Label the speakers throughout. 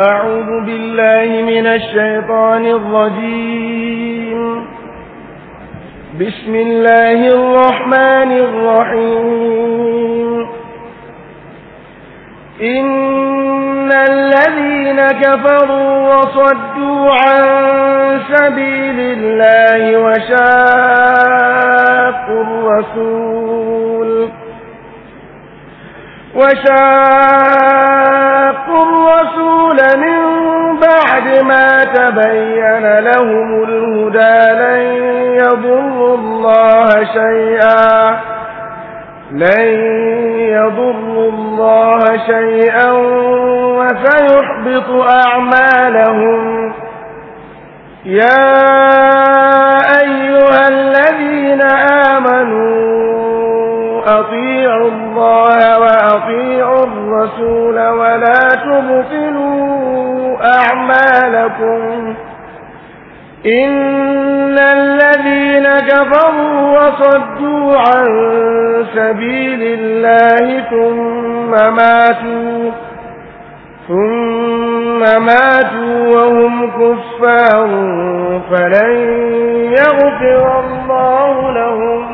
Speaker 1: أعوذ بالله من الشيطان الرجيم بسم الله الرحمن الرحيم إن الذين كفروا وصدوا عن سبيل الله وشاقوا الرسول وشاقوا الرسول من بعد ما تبين لهم الهدى لن يضروا الله شيئا لن يضروا الله شيئا وسيحبط أعمالهم يا أيها الذين آمنوا أطيعوا الله وأطيعوا الرسول ولا تبطلوا أعمالكم إن الذين كفروا وصدوا عن سبيل الله ثم ماتوا ثم ماتوا وهم كفار فلن يغفر الله لهم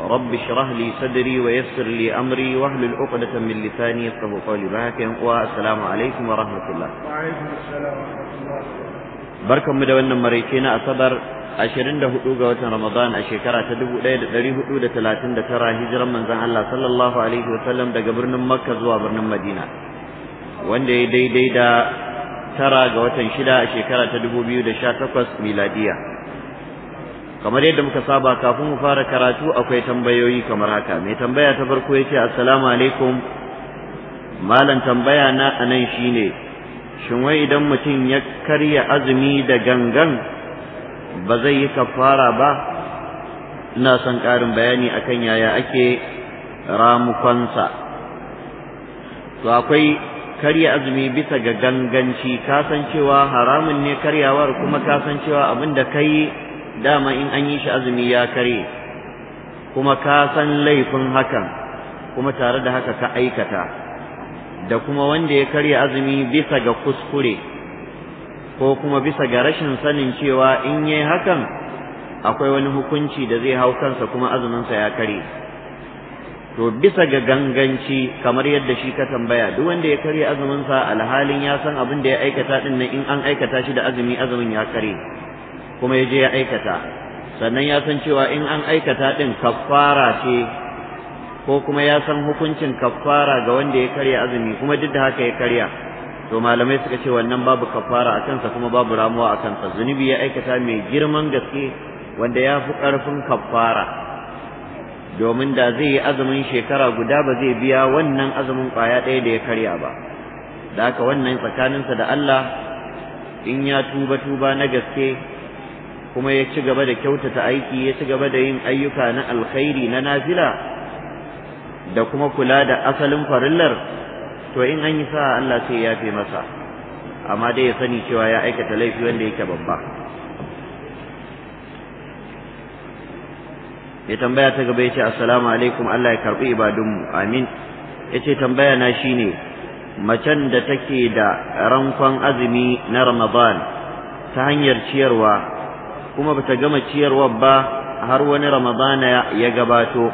Speaker 2: رب اشرح لي صدري ويسر لي امري واحلل عقدة من لساني يفقهوا قولي لكن والسلام عليكم ورحمة الله.
Speaker 1: وعليكم السلام ورحمة الله.
Speaker 2: بركم مدونا مريكينا اصبر اشرين ده رمضان اشيكرا تدبو ليل ذري هدو ده ثلاثين ده ترى هجرا من زعل الله صلى الله عليه وسلم ده قبرنا مكة زوابرنا مدينة. وان دي دي دي ده ترى جواتا شدا اشيكرا تدبو بيو ده شاتقس ميلادية. kamar yadda muka saba kafin mu fara karatu akwai tambayoyi kamar haka mai tambaya ta farko yace assalamu alaikum malam tambaya na anan shine shin wai idan mutum ya karya azumi da gangan ba zai yi kafara ba ina son ƙarin bayani akan yaya ake ramukansa to akwai karya azumi bisa ga ganganci kasancewa haramun ne karyawar kuma kasancewa abin da kai dama in an yi shi azumi ya kare kuma ka san laifin hakan kuma tare da haka ka aikata da kuma wanda ya karya azumi bisa ga kuskure ko kuma bisa ga rashin sanin cewa in yi hakan akwai wani hukunci da zai hau kansa kuma azuminsa ya kare to bisa ga ganganci kamar yadda shi ka tambaya duk wanda ya karya azuminsa alhalin ya san abin da ya aikata din nan in an aikata shi da azumi azumin ya kare kuma ya je ya aikata sannan ya san cewa in an aikata din kafara ce ko kuma ya san hukuncin kafara ga wanda ya karya azumi kuma duk da haka ya karya to malamai suka ce wannan babu kafara a kansa kuma babu ramuwa a kansa zunubi ya aikata mai girman gaske wanda ya fi ƙarfin kaffara domin da zai yi azumin shekara guda ba zai biya wannan azumin ƙwaya ɗaya da ya karya ba da haka wannan tsakaninsa da Allah in ya tuba tuba na gaske kuma ya ci gaba da kyautata aiki ya ci gaba da yin ayyuka na alkhairi na nazila da kuma kula da asalin farillar to in an yi sa Allah sai ya fi masa amma dai ya sani cewa ya aikata laifi wanda yake babba ya tambaya ta gaba yace assalamu alaikum Allah ya karbi ibadunmu amin yace tambaya na shine macen da take da rankon azumi na Ramadan ta hanyar ciyarwa kuma bata gama ciyarwar ba har wani ramadana ya gabato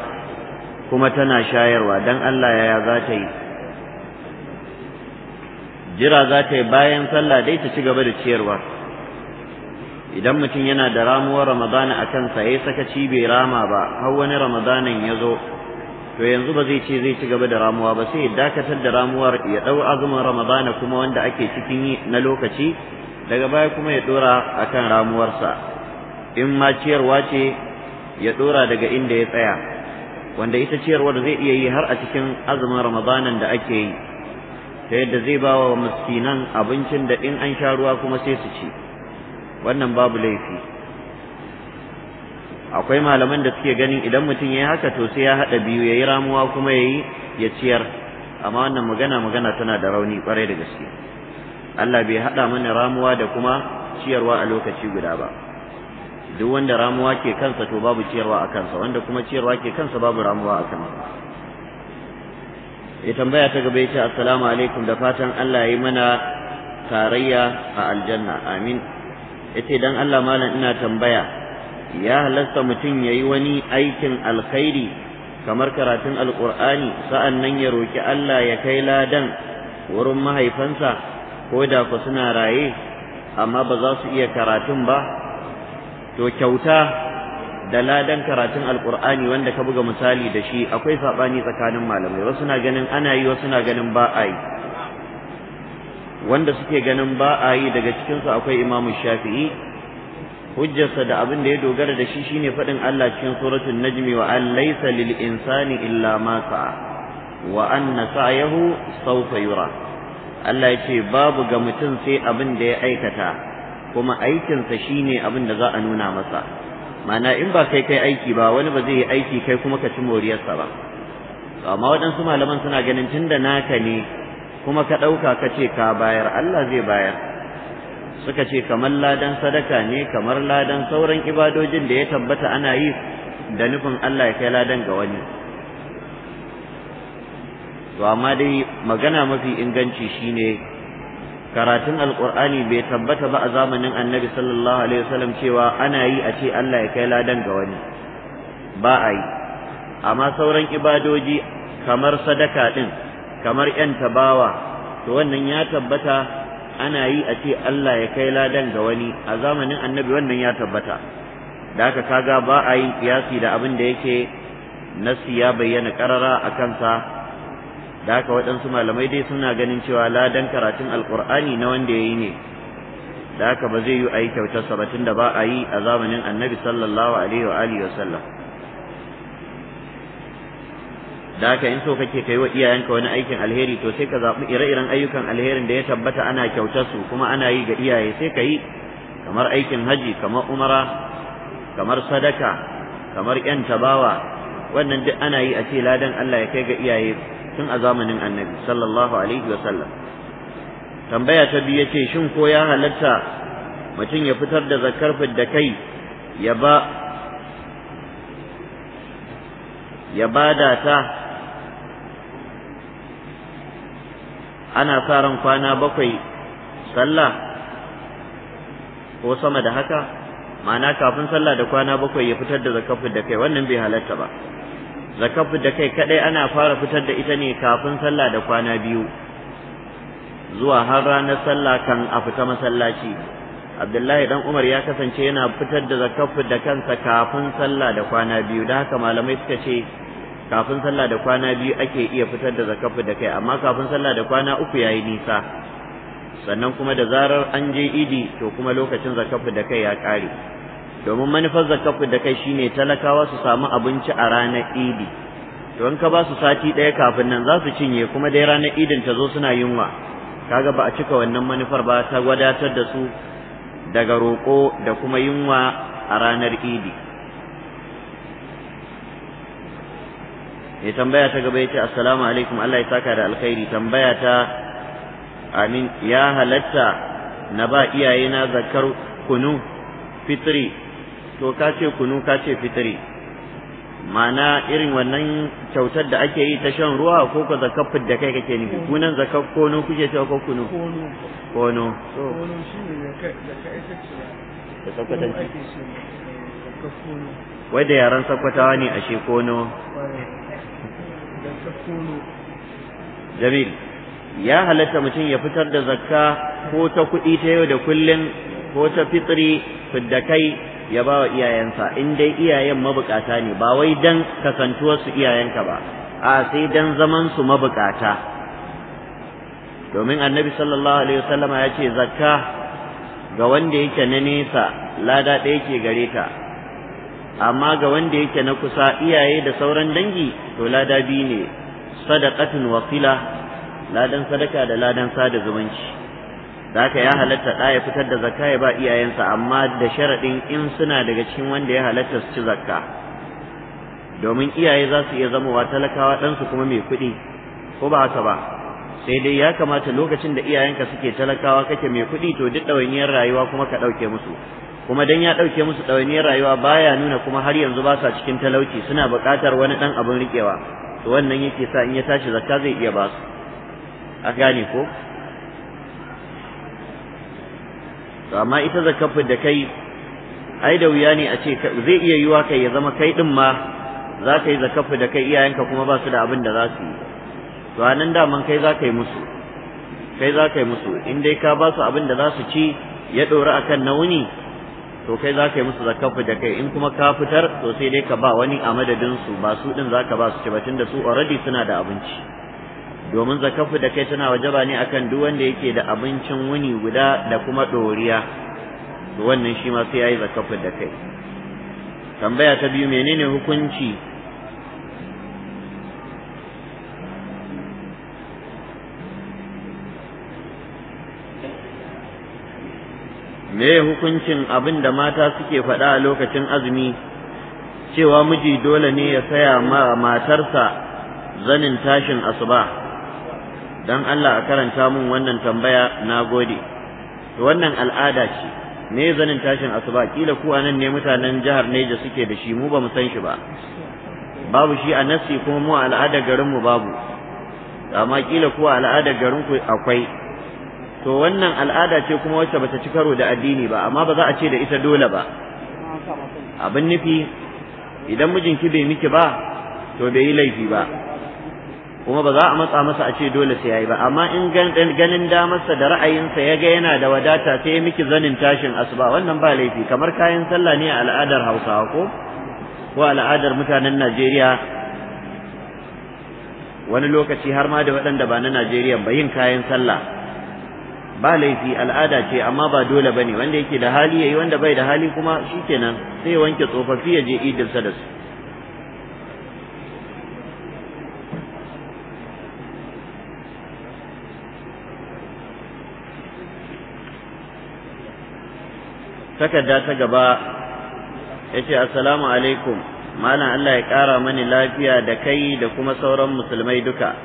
Speaker 2: kuma tana shayarwa dan Allah yaya za ta yi jira za ta yi bayan sallah dai ta ci gaba da ciyarwa idan mutum yana da ramuwar ramadana a kansa ya sakaci bai rama ba har wani ramadanan ya zo to yanzu ba zai ce zai ci gaba da ramuwa ba sai ya dakatar da ramuwar ya dau azumin ramadana kuma wanda ake cikin na lokaci daga baya kuma ya dora akan ramuwarsa in ma ciyarwa ce ya dora daga inda ya tsaya wanda ita ciyarwar zai iya yi har a cikin azumin ramadanan da ake yi ta yadda zai ba wa miskinan abincin da in an sha ruwa kuma sai su ci wannan babu laifi akwai malaman da suke ganin idan mutum ya yi haka to sai ya haɗa biyu ya yi ramuwa kuma ya yi ya ciyar amma wannan magana magana tana da rauni kwarai da gaske Allah bai haɗa mana ramuwa da kuma ciyarwa a lokaci guda ba duk wanda ramuwa ke kansa to babu ciyarwa a kansa wanda kuma ciyarwa ke kansa babu ramuwa a kansa ya tambaya ta gaba yace assalamu alaikum da fatan Allah ya yi mana tarayya a aljanna amin yace dan Allah malam ina tambaya ya halasta mutum yayi wani aikin alkhairi kamar karatun alqur'ani sa'an nan ya roki Allah ya kai ladan wurin mahaifansa ko da ku suna raye amma ba za su iya karatun ba to kyauta da ladan karatun alqur'ani wanda ka buga misali da shi akwai sabani tsakanin malamai wasu na ganin ana yi wasu na ganin ba a yi wanda suke ganin ba a yi daga cikin su akwai imamu shafi'i hujjarsa da abin da ya dogara da shi shine faɗin Allah cikin suratul najmi wa an laysa lil insani illa ma sa'a wa anna sa'yahu sawfa yura Allah ya ce babu ga mutum sai abin da ya aikata kuma aikinsa shine abin da za a nuna masa mana in ba kai kai aiki ba wani ba zai yi aiki kai kuma ka ci moriyarsa ba amma waɗansu malaman suna ganin tunda naka ne kuma ka ɗauka ka ce ka bayar Allah zai bayar suka ce kamar ladan sadaka ne kamar ladan sauran ibadojin da ya tabbata ana yi da nufin Allah ya kai ladan ga wani to amma dai magana mafi inganci shine karatun alqur'ani bai tabbata ba a zamanin annabi sallallahu alaihi wasallam cewa ana yi a ce Allah ya kai ladan ga wani ba a yi amma sauran ibadoji kamar sadaka din kamar yan tabawa to wannan ya tabbata ana yi a ce Allah ya kai ladan ga wani a zamanin annabi wannan ya tabbata da haka kaga ba a yin kiyasi da abin da yake nasi ya bayyana karara a kansa da haka waɗansu malamai dai suna ganin cewa ladan karatun alkur'ani na wanda ya yi ne da haka ba zai yi a yi kyautar sabatin da ba a yi a zamanin annabi sallallahu alaihi wa alihi wasallam da haka in so kake kai wa iyayenka wani aikin alheri to sai ka zaɓi ire-iren ayyukan alherin da ya tabbata ana kyautar su kuma ana yi ga iyaye sai ka yi kamar aikin haji kamar umara kamar sadaka kamar yan tabawa wannan duk ana yi a ce ladan Allah ya kai ga iyaye tun a zamanin annabi sallallahu alaihi wasallam tambaya ta biyu ce shin ko ya halatta mutum ya fitar da zakar da kai ya ba ya bada ta ana sa ran kwana bakwai sallah ko sama da haka ma'ana kafin sallah da kwana bakwai ya fitar da zakar da kai wannan bai halatta ba Zakafu da kai kadai ana fara fitar da ita ne kafin sallah da kwana biyu zuwa har ranar sallah kan a fita masallaci abdullahi dan umar ya kasance yana fitar da zakafu da kansa kafin sallah da kwana biyu da haka malamai suka ce kafin sallah da kwana biyu ake iya fitar da zakafu da kai amma kafin sallah da kwana uku yayi nisa sannan kuma da zarar an je idi to kuma lokacin zakafu da kai ya kare domin manufar zakafin da kai shine talakawa su samu abinci a ranar idi to in ka ba su sati ɗaya kafin nan za su cinye kuma dai ranar idin ta zo suna yunwa kaga ba a cika wannan manufar ba ta wadatar da su daga roƙo da kuma yunwa a ranar idi mai tambaya ta gaba yace assalamu alaikum Allah ya saka da alkhairi tambaya ta amin ya halatta na ba iyayena zakar kunu fitri to ka ce kunu ka ce fitiri ma'ana irin wannan kyautar da ake yi ta shan ruwa ko ko zakar da kai kake nufi kunan zakar kono kuke cewa ko kunu kono
Speaker 1: so da sakwatanci eh, wai da yaran sakwatawa ne ashe
Speaker 2: kono jamil ya halatta mutum ya fitar da zakka ko ta kuɗi ta yau da kullum ko ta fitri fiddakai ya ba wa iyayensa in dai iyayen mabukata ne ba wai dan kasantuwarsu iyayenka ba a sai dan zaman su mabukata domin annabi sallallahu alaihi wasallama ya ce zakka ga wanda yake na nesa lada ɗaya ke gare ta amma ga wanda yake na kusa iyaye da sauran dangi to lada biyu ne sadaqatun wasila ladan sadaka da ladan sada zumunci da haka ya halatta ɗaya ya fitar da zakka ya ba iyayensa amma da sharaɗin in suna daga cikin wanda ya halatta su ci zakka domin iyaye za su iya zamowa talakawa ɗansu kuma mai kuɗi ko ba haka ba sai dai ya kamata lokacin da iyayenka suke talakawa kake mai kuɗi to duk ɗawainiyar rayuwa kuma ka ɗauke musu kuma dan ya ɗauke musu ɗawainiyar rayuwa baya nuna kuma har yanzu ba sa cikin talauci suna buƙatar wani dan abin riƙewa to wannan yake sa in ya tashi zakka zai iya ba su a gane ko to amma ita zakafin da kai ai da wuya ne a ce zai iya yiwa kai ya zama kai din ma za ka yi zakafin da kai iyayenka kuma ba su da abin da za su yi to a nan daman kai za ka yi musu kai za ka yi musu in dai ka ba su abin da za su ci ya ɗori akan nauni to kai za ka yi musu zakafu da kai in kuma ka fitar to sai dai ka ba wani a madadin su ba su din za ka ba su ci ba tunda su already suna da abinci domin zakafu da kai tana wajaba ne akan duk wanda yake da abincin wuni guda da kuma ɗoriya wannan shi ma sai yayi zakafu da kai tambaya ta biyu menene hukunci me hukuncin abin da mata suke faɗa a lokacin azumi cewa miji dole ne ya saya ma matarsa zanin tashin asuba dan Allah a karanta mun wannan tambaya na gode to wannan al'ada ce me zanin tashin asuba kila ku anan ne mutanen jihar Neja suke da shi mu ba mu san shi ba babu shi a nasi kuma mu al'ada garin mu babu amma kila ku al'ada garin ku akwai to wannan al'ada ce kuma wacce bata ci karo da addini ba amma ba za a ce da ita dole ba abin nufi idan mijinki bai miki ba to bai yi laifi ba kuma ba za a matsa masa a ce dole sai yayi ba amma in ganin damarsa da ra'ayinsa ya ga yana da wadata sai ya miki zanin tashin asuba wannan ba laifi kamar kayan sallah ne a al'adar Hausawa ko ko al'adar mutanen Najeriya wani lokaci har ma da waɗanda ba na Najeriya ba yin kayan sallah ba laifi al'ada ce amma ba dole bane wanda yake da hali yayi wanda bai da hali kuma shikenan sai ya wanke tsofaffi ya je idinsa da su takarda ta gaba ya ce assalamu alaikum malam Allah ya ƙara mani lafiya da kai da kuma sauran musulmai duka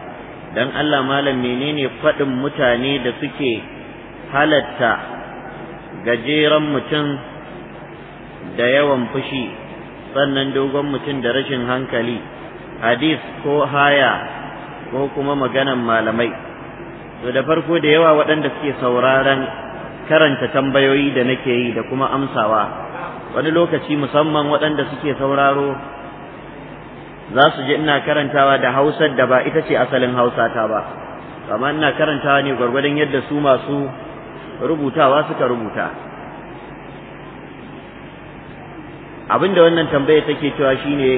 Speaker 2: don Allah malam menene faɗin mutane da suke halatta gajeren mutum da yawan fushi sannan dogon mutum da rashin hankali hadis ko haya ko kuma maganan malamai to da farko da yawa waɗanda suke sauraron karanta tambayoyi da nake yi da kuma amsawa wani lokaci musamman waɗanda suke sauraro za su je ina karantawa da hausar da ba ita ce asalin hausa ta ba amma ina karantawa ne gwargwadon yadda su masu rubutawa suka rubuta Abin da wannan tambaya take cewa shine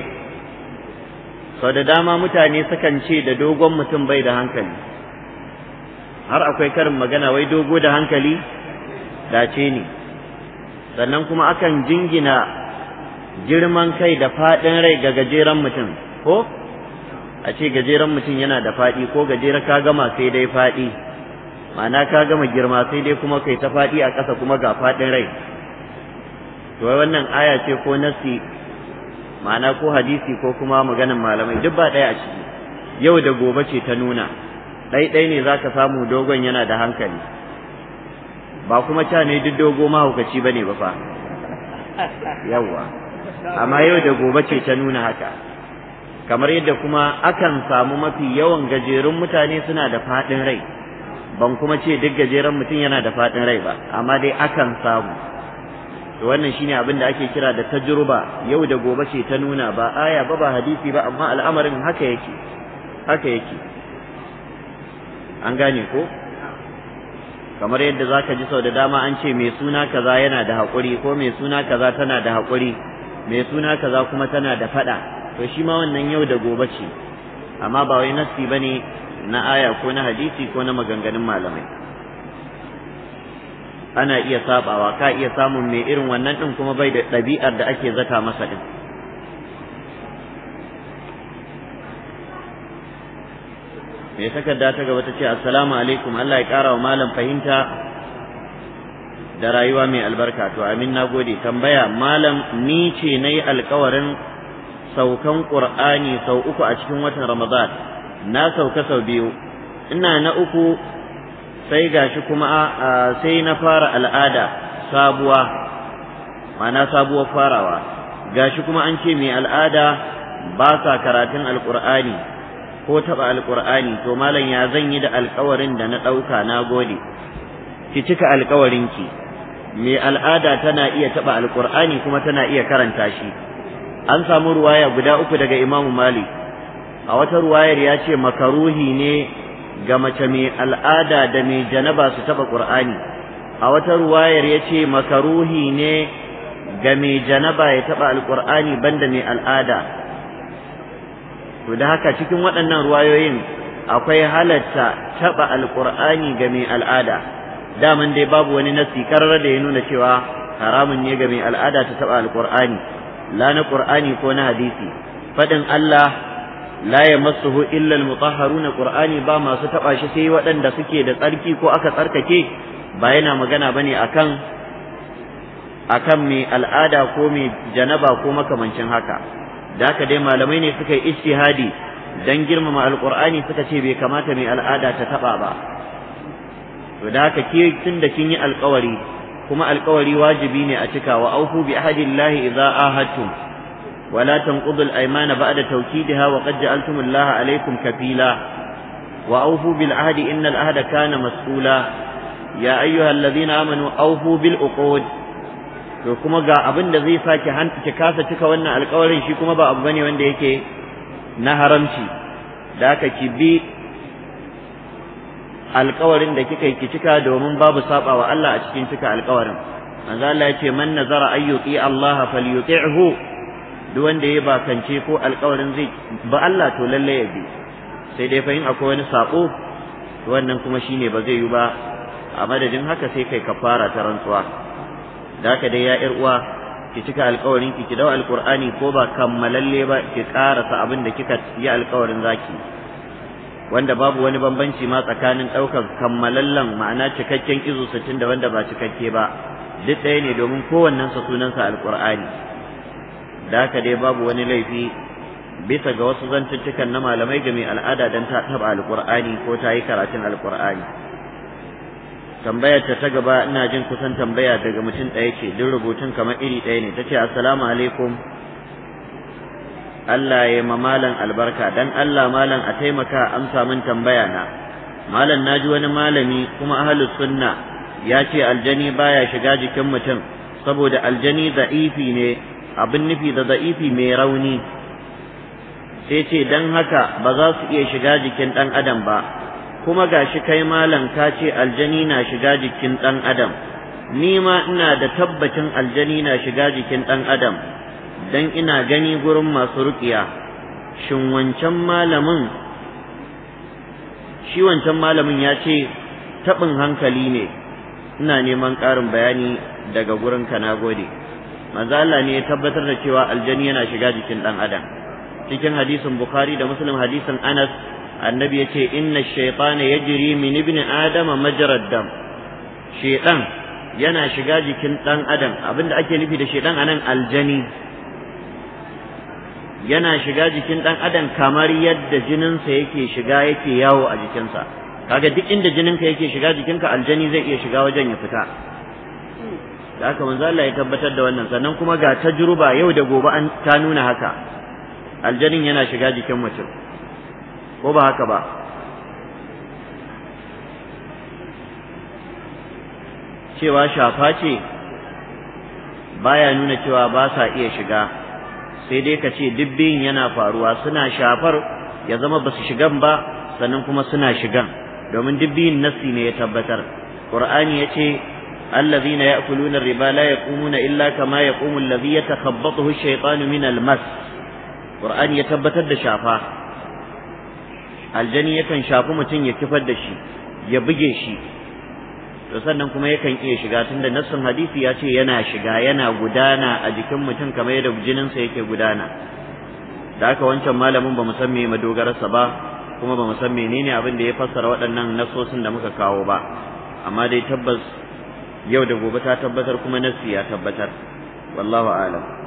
Speaker 2: sau da dama mutane sukan ce da dogon mutum bai da hankali har akwai karin magana wai dogo da hankali dace ne sannan kuma akan jingina girman kai da faɗin rai ga gajeren mutum ko a ce gajeren mutum yana da faɗi ko gajeren ka gama sai dai faɗi ma'ana ka gama girma sai dai kuma kai ta faɗi a ƙasa kuma ga faɗin rai to wannan aya ce ko nasi ma'ana ko hadisi ko kuma maganan malamai duk ba ɗaya a ciki yau da gobe ce ta nuna ɗaiɗai ne za ka samu dogon yana da hankali ba kuma ta ne duk dogo mahaukaci bane ba fa yawa amma yau da gobe ce ta nuna haka kamar yadda kuma akan samu mafi yawan gajerun mutane suna da faɗin rai ban kuma ce duk gajeren mutum yana da faɗin rai ba amma dai akan samu to wannan shine abin da ake kira da tajruba yau da gobe ce ta nuna ba aya ba ba hadisi ba amma al'amarin haka yake haka yake an gane ko kamar yadda zaka ji sau da dama an ce mai suna kaza yana da haƙuri ko mai suna kaza tana da haƙuri mai suna kaza kuma tana da faɗa to shi ma wannan yau da gobe ce amma ba wai nassi bane na aya ko na hadisi ko na maganganun malamai ana iya sabawa ka iya samun mai irin wannan ɗin kuma bai da ɗabi'ar da ake zata masa ɗin? mai takarda ta gaba ta ce assalamu alaikum Allah ya kara wa malam fahimta da rayuwa mai albarka to amin na gode tambaya malam ni ce na yi alkawarin saukan ƙur'ani sau uku a cikin watan ramadan na sauka sau biyu ina na uku sai gashi kuma sai na fara al'ada sabuwa ma'ana sabuwar farawa gashi kuma an ce mai al'ada ba sa karatun alƙur'ani ko taɓa alƙur'ani to malam ya zan yi da alƙawarin da na ɗauka na gode ki cika ki. mai al'ada tana iya taɓa alƙur'ani kuma tana iya karanta shi an samu ruwaya guda uku daga imamu malik a wata ruwayar ya ce makaruhi ne ga mace mai al'ada da mai janaba su taɓa ƙur'ani a wata ruwayar ya ce makaruhi ne ga mai janaba ya taɓa alƙur'ani banda mai al'ada to da haka cikin waɗannan ruwayoyin akwai halatta taɓa alƙur'ani ga mai al'ada daman dai babu wani nasi karar da ya nuna cewa haramun ne ga mai al'ada ta taɓa alƙur'ani la na ƙur'ani ko na hadisi faɗin Allah la ya masuhu illal na ƙur'ani ba masu taɓa shi sai waɗanda suke da tsarki ko aka tsarkake ba yana magana bane akan akan mai al'ada ko mai janaba ko makamancin haka da haka dai malamai ne suka yi ijtihadi dan girmama alqur'ani suka ce bai kamata mai al'ada ta taba ba to da haka ke tun da kin yi alƙawari kuma alƙawari wajibi ne a cika wa aufu bi ahadillahi idza ahadtum wa la tanqudu al-aymana ba'da tawkidiha wa qad ja'altum Allah alaykum kafila wa aufu bil ahdi innal ahda kana mas'ula ya ayyuha alladhina amanu aufu bil uqud to kuma ga abin da zai sake ki kasa cika wannan alƙawarin shi kuma ba abu bane wanda yake na haramci da aka ki bi alƙawarin da kika yi ki cika domin babu saɓa wa Allah a cikin cika alƙawarin manzo Allah ya ce man nazara ayyuti Allah falyuti'hu duk wanda ya bakance ko alƙawarin zai ba Allah to lalle ya bi sai dai fahim akwai wani sako wannan kuma shine ba zai yi ba a madadin haka sai kai kafara ta rantsuwa da haka dai ya yar uwa ki cika alƙawarin ki ki dau alqur'ani ko ba kammalalle ba ki karasa abin da kika yi alkawarin zaki wanda babu wani bambanci ma tsakanin ɗaukar kammalallen ma'ana cikakken izu sittin da wanda ba cikakke ba duk ɗaya ne domin kowannensa sunansa alqur'ani da haka dai babu wani laifi bisa ga wasu zantuttukan na malamai game al'ada don ta taɓa alƙur'ani ko ta yi karatun alƙur'ani tambayar ta ta gaba ina jin kusan tambaya daga mutum ɗaya ce duk rubutun kamar iri ɗaya ne tace assalamu alaikum Allah ya ma malam albarka dan Allah malam a taimaka amsa min tambaya na malam na ji wani malami kuma ahlus sunna ya ce aljani baya shiga jikin mutum saboda aljani da'ifi ne abin nufi da da'ifi mai rauni sai ce dan haka ba za su iya shiga jikin dan adam ba kuma ga shi kai malam ka ce aljani na shiga jikin ɗan adam ni ma ina da tabbacin aljani na shiga jikin ɗan adam dan ina gani gurin masu ruƙiya shin wancan malamin shi wancan malamin ya ce taɓin hankali ne ina neman ƙarin bayani daga gurin ka na gode manzo Allah ne ya tabbatar da cewa aljani yana shiga jikin ɗan adam cikin hadisin bukhari da muslim hadisin anas annabi ya yace inna ash ya yajri min ibni adama majrad dam shaytan yana shiga jikin dan adam abinda ake nufi da shaytan anan aljani yana shiga jikin dan adam kamar yadda jininsa yake shiga yake yawo a jikinsa kaga duk inda jininka yake shiga jikinka aljani zai iya shiga wajen ya fita da haka manzo Allah ya tabbatar da wannan sannan kuma ga tajruba yau da gobe an ta nuna haka aljanin yana shiga jikin mutum ko ba haka ba cewa shafa ce baya nuna cewa ba sa iya shiga sai dai ka ce dubbin yana faruwa suna shafar ya zama ba su shigan ba sannan kuma suna shigan domin dubbin nassi ne ya tabbatar ƙur'ani ya ce الذين illa kama لا يقومون إلا ya يقوم الذي يتخبطه الشيطان من ya tabbatar da shafa. aljani yakan shafi mutum ya kifar da shi ya buge shi to sannan kuma yakan iya shiga tunda nassin hadisi ya ce yana shiga yana gudana a jikin mutum kamar yadda sa yake gudana da haka wancan malamin ba mu san me madogararsa ba kuma ba mu san menene abin da ya fassara waɗannan nassosin da muka kawo ba amma dai tabbas yau da gobe ta tabbatar kuma nassi ya tabbatar wallahu a'lam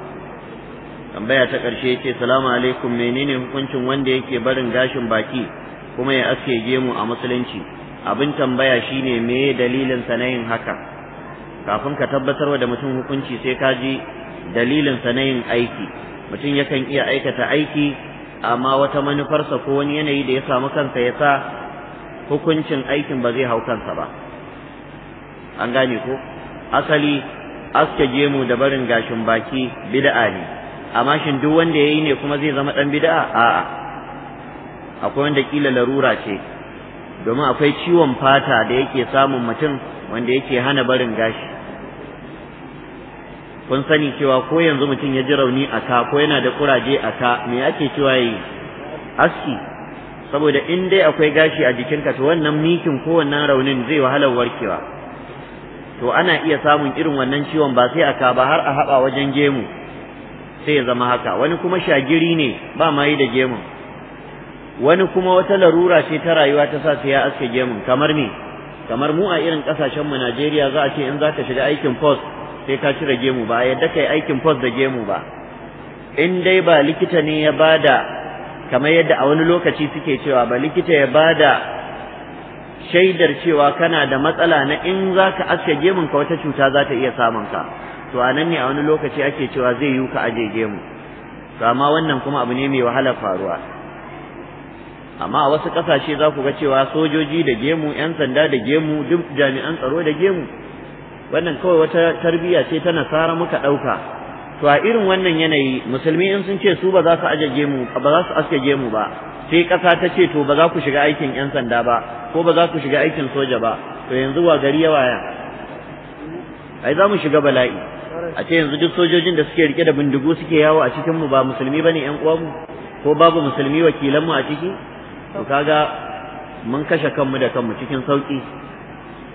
Speaker 2: tambaya ta ƙarshe ce salamu alaikum menene hukuncin wanda yake barin gashin baki kuma ya aske gemu a musulunci abin tambaya shine me dalilin sa na yin haka kafin ka tabbatarwa da mutum hukunci sai ka ji dalilin sa na yin aiki mutum yakan iya aikata aiki amma wata manufarsa ko wani yanayi da ya samu kansa ya sa hukuncin aikin ba zai hau kansa ba an gane ko asali aske gemu da barin gashin baki bid'a ne amma shin duk wanda ya yi ne kuma zai zama dan bid'a a'a akwai wanda kila larura ce domin akwai ciwon fata da yake samun mutum wanda yake hana barin gashi kun sani cewa ko yanzu mutum ya ji rauni a ta, ko yana da kuraje a ta, me ake cewa yi aski saboda in dai akwai gashi a jikinka to wannan mikin ko wannan raunin zai wahalar warkewa to ana iya samun irin wannan ciwon ba sai a ka ba har a haɓa wajen gemu sai ya zama haka wani kuma shagiri ne ba ma yi da gemun wani kuma wata larura ce ta rayuwa ta sa sai ya aske gemun kamar me kamar mu a irin kasashen mu Najeriya za a ce in zaka shiga aikin post sai ka cire gemu ba yadda kai aikin post da gemu ba in dai ba likita ne ya bada kamar yadda a wani lokaci suke cewa ba likita ya bada shaidar cewa kana da matsala na in za ka aske ka wata cuta za ta iya samun ka to anan ne a wani lokaci ake cewa zai yi ka aje gemu to amma wannan kuma abu ne mai wahalar faruwa amma a wasu ƙasashe za ku ga cewa sojoji da gemu 'yan sanda da gemu duk jami'an tsaro da gemu wannan kawai wata tarbiyya ce ta nasara muka ɗauka to a irin wannan yanayi musulmi in sun ce su ba za su aje gemu ba za su aske gemu ba sai ƙasa ta ce to ba za ku shiga aikin 'yan sanda ba ko ba za ku shiga aikin soja ba to yanzu wa gari yawa ya ai za mu shiga bala'i a ce yanzu duk sojojin da suke rike da bindigu suke yawo a cikin mu ba musulmi bane yan uwanmu ko babu musulmi wakilan mu a ciki to kaga mun kashe kanmu da kanmu cikin sauki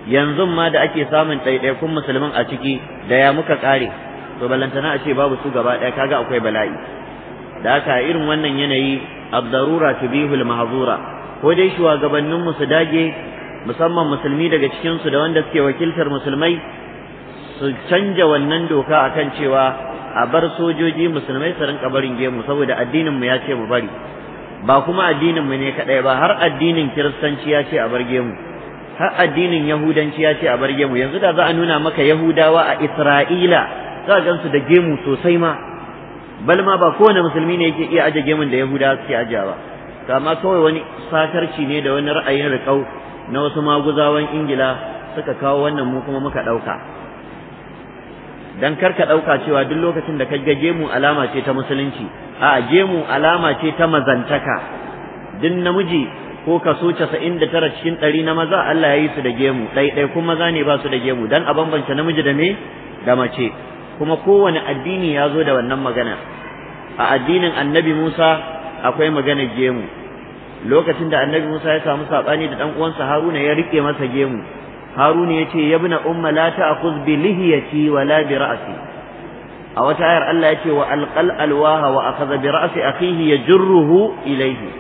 Speaker 2: yanzu ma da ake samun ɗaiɗaikun musulmin a ciki da ya muka kare to ballantana a ce babu su gaba ɗaya kaga akwai bala'i da haka irin wannan yanayi abdarura tubihul mahzura ko dai mu su dage musamman musulmi daga cikinsu da wanda suke wakiltar musulmai su canja wannan doka a kan cewa a bar sojoji musulmai su rinka barin gemu saboda addininmu ya ce mu bari ba kuma addininmu ne kaɗai ba har addinin kiristanci ya ce a bar gemu har addinin yahudanci ya ce a bar gemu yanzu da za a nuna maka yahudawa a isra'ila za a gansu da gemu sosai ma Balma ma ba kowane musulmi ne yake iya aje gemun da yahudawa suke ba. kama kawai wani sakarci ne da wani ra'ayin rikau na wasu maguzawan ingila suka kawo wannan mu kuma muka ɗauka dan kar ka ɗauka cewa duk lokacin da ka ga gemu alama ce ta musulunci a gemu alama ce ta mazantaka duk namiji ko kaso casa'in da tara cikin ɗari na maza Allah ya yi su da gemu dai kuma maza ne ba su da gemu dan a bambance namiji da me da mace kuma kowane addini ya zo da wannan magana a addinin annabi Musa akwai magana gemu lokacin da annabi Musa ya samu saɓani da ɗan uwansa Haruna ya rike masa gemu harun ya ce ya bina umma la ta'khudh bi lihiyati wa la bi ra'si a wata ayar Allah ya ce wa alqal alwaha wa akhadha bi ra'si akhihi yajruhu ilayhi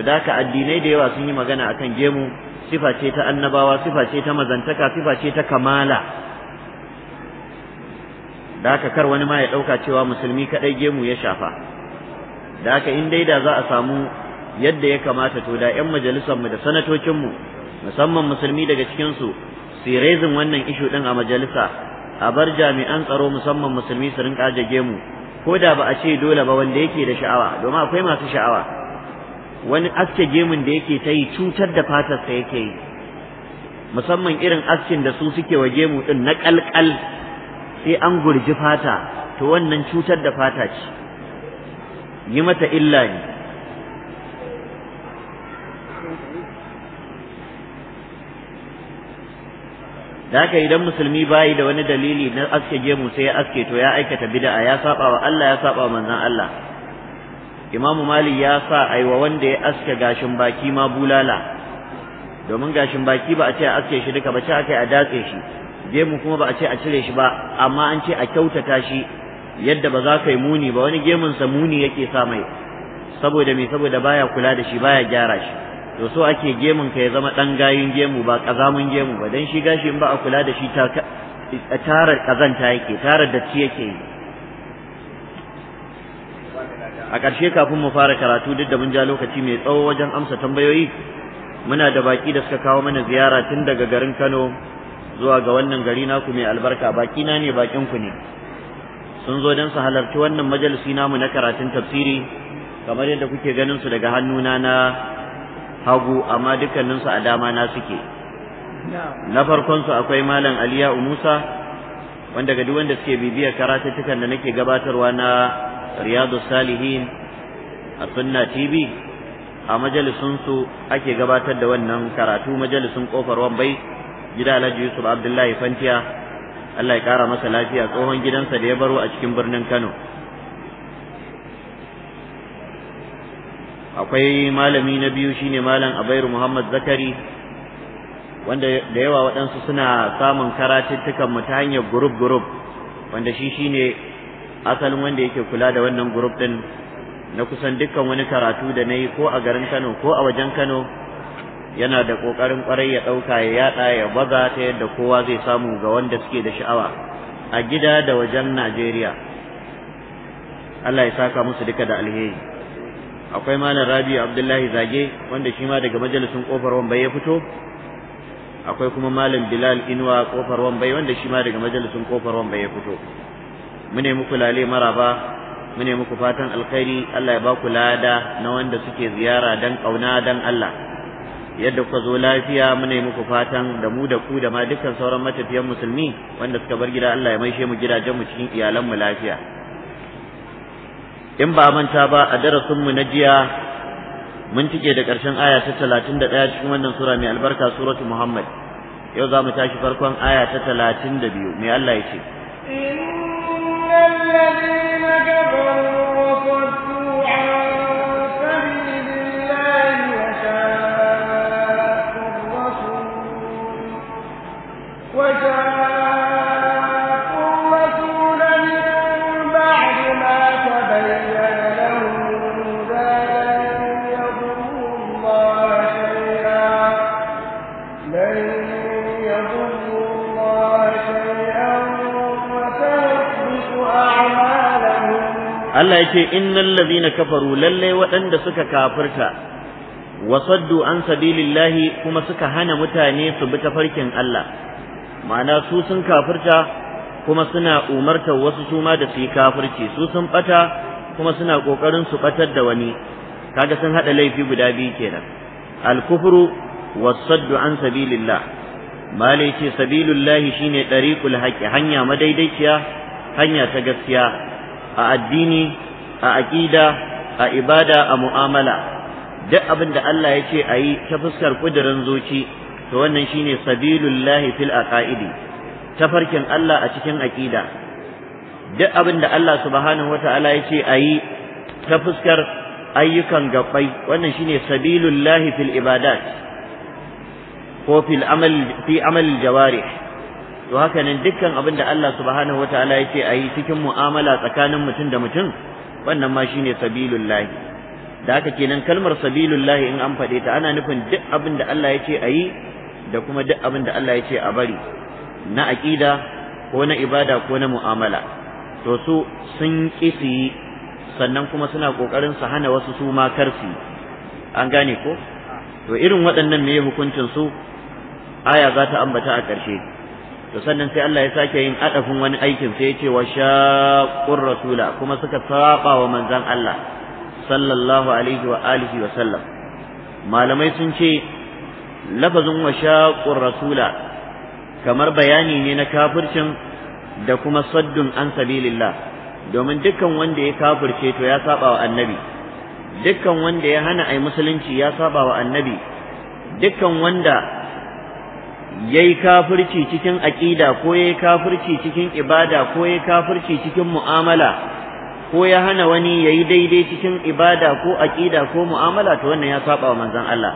Speaker 2: da ka addinai da yawa sun yi magana akan gemu sifa ce ta annabawa sifa ce ta mazantaka sifa ce ta kamala da haka kar wani ma ya ɗauka cewa musulmi kaɗai gemu ya shafa da haka in dai da za a samu yadda ya kamata to da 'yan mu da mu musamman musulmi daga cikin su su raising wannan ishu ɗin a majalisa a bar jami'an tsaro musamman musulmi su rinka jage mu ko da ba a ce dole ba wanda yake da sha'awa domin akwai masu sha'awa wani aske gemun da yake ta yi cutar da fatarsa yake yi musamman irin askin da su suke wa gemu ɗin na kalkal sai an gurji fata to wannan cutar da fata ce yi mata illa ne da haka idan musulmi bayi da wani dalili na aske gemu sai ya aske to ya aikata bid'a ya saba wa Allah ya saba wa manzon Allah Imam Malik ya sa aiwa wanda ya aske gashin baki ma bulala domin gashin baki ba a ce a aske shi duka ba ce akai a datse shi gemu kuma ba a ce a cire shi ba amma an ce a kyautata shi yadda ba za ka yi muni ba wani gemunsa muni yake sa mai saboda me saboda baya kula da shi baya gyara shi to so ake gemun ka ya zama dan gayin gemu ba kazamun gemu ba dan shi gashi in ba a kula da shi ta tarar kazanta yake tarar datti yake yi a ƙarshe kafin mu fara karatu duk da mun ja lokaci mai tsawo wajen amsa tambayoyi muna da baki da suka kawo mana ziyara tun daga garin Kano zuwa ga wannan gari naku mai albarka baki na ne bakin ku ne sun zo don su halarci wannan majalisi namu na karatun tafsiri kamar yadda kuke ganin su daga hannuna na hagu amma dukkaninsu a dama na suke na farkonsu akwai malam aliyu musa wanda ga duk wanda suke bibiyar karatuttukan da nake gabatarwa na riyadu salihin a sunna tv a majalisunsu ake gabatar da wannan karatu majalisun kofar wambai gida alhaji yusuf abdullahi fantiya allah ya kara masa lafiya tsohon gidansa da ya baro a cikin birnin kano akwai malami na biyu shine malam Abairu Muhammad Zakari wanda da yawa waɗansu suna samun karatuttukan mu ta hanyar gurup gurup wanda shi shine asalin wanda yake kula da wannan gurup din na kusan dukkan wani karatu da na yi ko a garin Kano ko a wajen Kano yana da kokarin kwarai ya dauka ya yada ya baza ta yadda kowa zai samu ga wanda suke da sha'awa a gida da wajen Najeriya Allah ya saka musu duka da alheri akwai malam rabi abdullahi zage wanda shi ma daga majalisin kofar wambai ya fito akwai kuma malam bilal inuwa kofar wambai wanda shi ma daga majalisin kofar wambai ya fito mune muku lale maraba mune muku fatan alkhairi Allah ya ba ku lada na wanda suke ziyara dan kauna dan Allah yadda kuka zo lafiya mune muku fatan da mu da ku da ma dukkan sauran matafiyan musulmi wanda suka bar gida Allah ya maishe mu gidajen mu cikin iyalan mu lafiya in ba manta ba a darasin mu na jiya mun tike da ƙarshen aya ta talatin ɗaya cikin wannan sura mai albarka suratu muhammad yau za mu tashi farkon aya ta talatin biyu mai allah ya ce ce innal ladhina kafaru lalle waɗanda suka kafirta wasaddu an sabilillahi kuma suka hana mutane su bi tafarkin Allah ma'ana su sun kafirta kuma suna umartar wasu su ma da su yi kafirci su sun bata kuma suna kokarin su batar da wani kaga sun hada laifi guda biyu kenan al-kufru wasaddu saddu an sabilillah malai ce sabilullahi shine dariqul haqi hanya madaidaiciya hanya ta gaskiya a addini a aƙida a ibada a mu'amala duk abin da Allah ya ce a yi ta fuskar kudirin zuci to wannan shine lahi fil aqaidi tafarkin Allah a cikin aƙida duk abin da Allah subhanahu wata'ala ya ce a yi ta fuskar ayyukan gabbai wannan shine lahi fil ibadat ko fil amal fi amal jawarih to haka nan dukkan abin da Allah subhanahu wataala ce a yi cikin mu'amala tsakanin mutum da mutum wannan ma shine sabilullahi da haka kenan kalmar sabilullahi in an faɗe ta ana nufin duk abin da Allah ya ce a yi da kuma duk abin da Allah ya ce a bari na aƙida ko na ibada ko na mu'amala to su sun kisi sannan kuma suna kokarin su hana wasu su ma karfi an gane ko to irin waɗannan me hukuncin su aya za ta ambata a ƙarshe to sannan sai Allah ya sake yin adafin wani aikin sai ya ce wa shaqur rasula kuma suka saba wa manzon Allah sallallahu alaihi wa alihi wa sallam malamai sun ce lafazin wa shaqur rasula kamar bayani ne na kafircin da kuma saddun an sabilillah domin dukkan wanda ya kafirce to ya saba wa annabi dukkan wanda ya hana ai musulunci ya saba wa annabi dukkan wanda yayi kafirci cikin aqida ko yayi kafirci cikin ibada ko yayi kafirci cikin mu'amala ko ya hana wani yayi daidai cikin ibada ko aqida ko mu'amala to wannan ya saba wa manzon Allah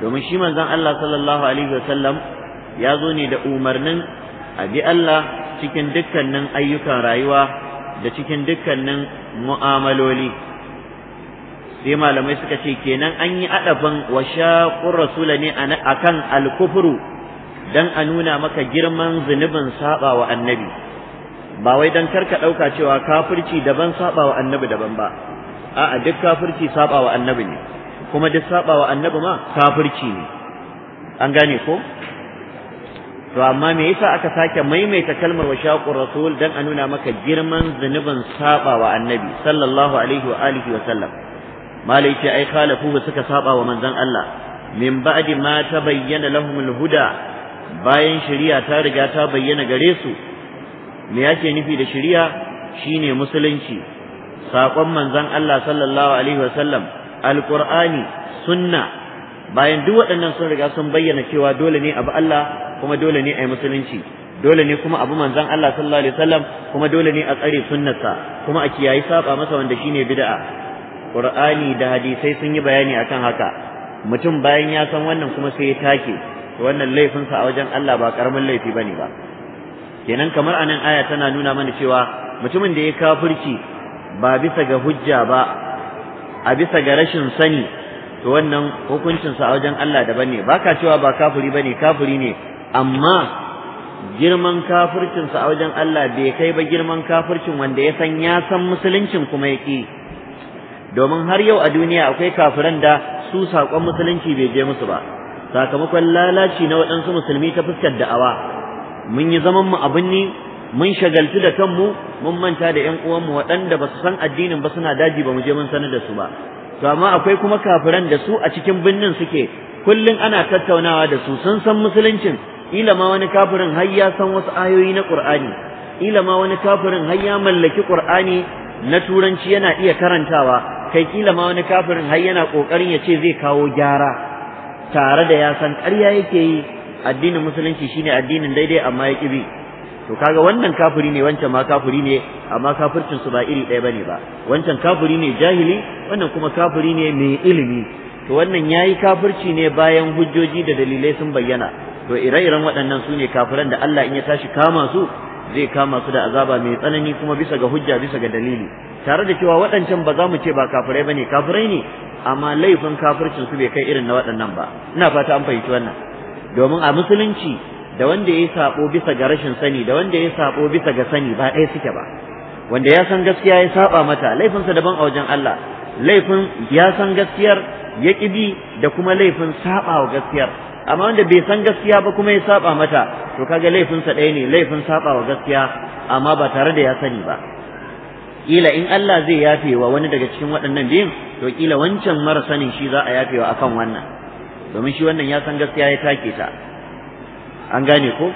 Speaker 2: domin shi manzon Allah sallallahu alaihi wasallam ya zo ne da umarnin a Allah cikin dukkanin ayyukan rayuwa da cikin dukkanin mu'amaloli sai malamai suka ce kenan an yi adafin wa shaqur rasula ne akan al-kufru dan a nuna maka girman zunubin saba wa annabi ba wai dan karka dauka cewa kafirci daban saba wa annabi daban ba a'a duk kafirci saba wa annabi ne kuma duk saba wa annabi ma kafirci ne an gane ko to amma me yasa aka sake maimaita kalmar washaqur rasul dan a nuna maka girman zunubin saba wa annabi sallallahu alaihi wa alihi wa sallam malai ce ai khalafu suka saba wa manzon Allah min ba'di ma tabayyana lahumul huda bayan shari'a ta riga ta bayyana gare su me yake nufi da shari'a shine musulunci saƙon manzon Allah sallallahu alaihi wasallam alqur'ani sunna bayan duk waɗannan sun riga sun bayyana cewa dole ne abu Allah kuma dole ne a yi musulunci dole ne kuma abu manzon Allah sallallahu alaihi wasallam kuma dole ne a tsare sunnarsa kuma a kiyaye saba masa wanda shine bid'a Qur'ani da hadisai sun yi bayani akan haka mutum bayan ya san wannan kuma sai ya take wannan laifinsa a wajen Allah ba karamin laifi bane ba kenan kamar anan aya tana nuna mana cewa mutumin da ya kafirci ba bisa ga hujja ba a bisa ga rashin sani to wannan hukuncinsa a wajen Allah daban ne baka cewa ba kafiri bane kafiri ne amma girman kafircinsa a wajen Allah bai kai ba girman kafircin wanda ya san ya san musuluncin kuma ya ki domin har yau a duniya akwai kafiran da su saƙon musulunci bai je musu ba sakamakon lalaci na waɗansu musulmi ta fuskar da'awa mun yi zaman mu abin ni mun shagaltu da kanmu mun manta da ƴan uwanmu waɗanda ba su san addinin ba suna daji ba mu je mun sanar da su ba to amma akwai kuma kafiran da su a cikin binnin suke kullum ana tattaunawa da su sun san musuluncin ila ma wani kafirin har ya san wasu ayoyi na Qur'ani ila ma wani kafirin har ya mallaki Qur'ani na turanci yana iya karantawa kai kila ma wani kafirin har yana kokarin ya ce zai kawo gyara tare da ya san ƙarya yake yi addinin musulunci shine addinin daidai amma ya ƙi to kaga wannan kafiri ne wancan ma kafiri ne amma kafircin su ba iri ɗaya bane ba wancan kafiri ne jahili wannan kuma kafiri ne mai ilimi to wannan yayi kafirci ne bayan hujjoji da dalilai sun bayyana to ire-iren waɗannan su ne kafiran da Allah in ya tashi kama su zai kama su da azaba mai tsanani kuma bisa ga hujja bisa ga dalili tare da cewa waɗancan ba za mu ce ba kafirai bane kafirai ne amma laifin kafircin su bai kai irin na waɗannan ba ina fata an fahimci wannan domin a musulunci da wanda ya sabo bisa ga rashin sani da wanda ya sabo bisa ga sani ba ɗaya suke ba wanda ya san gaskiya ya saba mata laifinsa daban a wajen Allah laifin ya san gaskiyar ya bi da kuma laifin saba wa gaskiyar amma wanda bai san gaskiya ba kuma ya saba mata to kaga laifinsa ɗaya ne laifin saba wa gaskiya amma ba tare da ya sani ba kila in Allah zai yafe wa wani daga cikin waɗannan biyun to kila wancan mara sanin shi za a yafe wa akan wannan domin shi wannan ya san gaskiya ya take ta an gane ko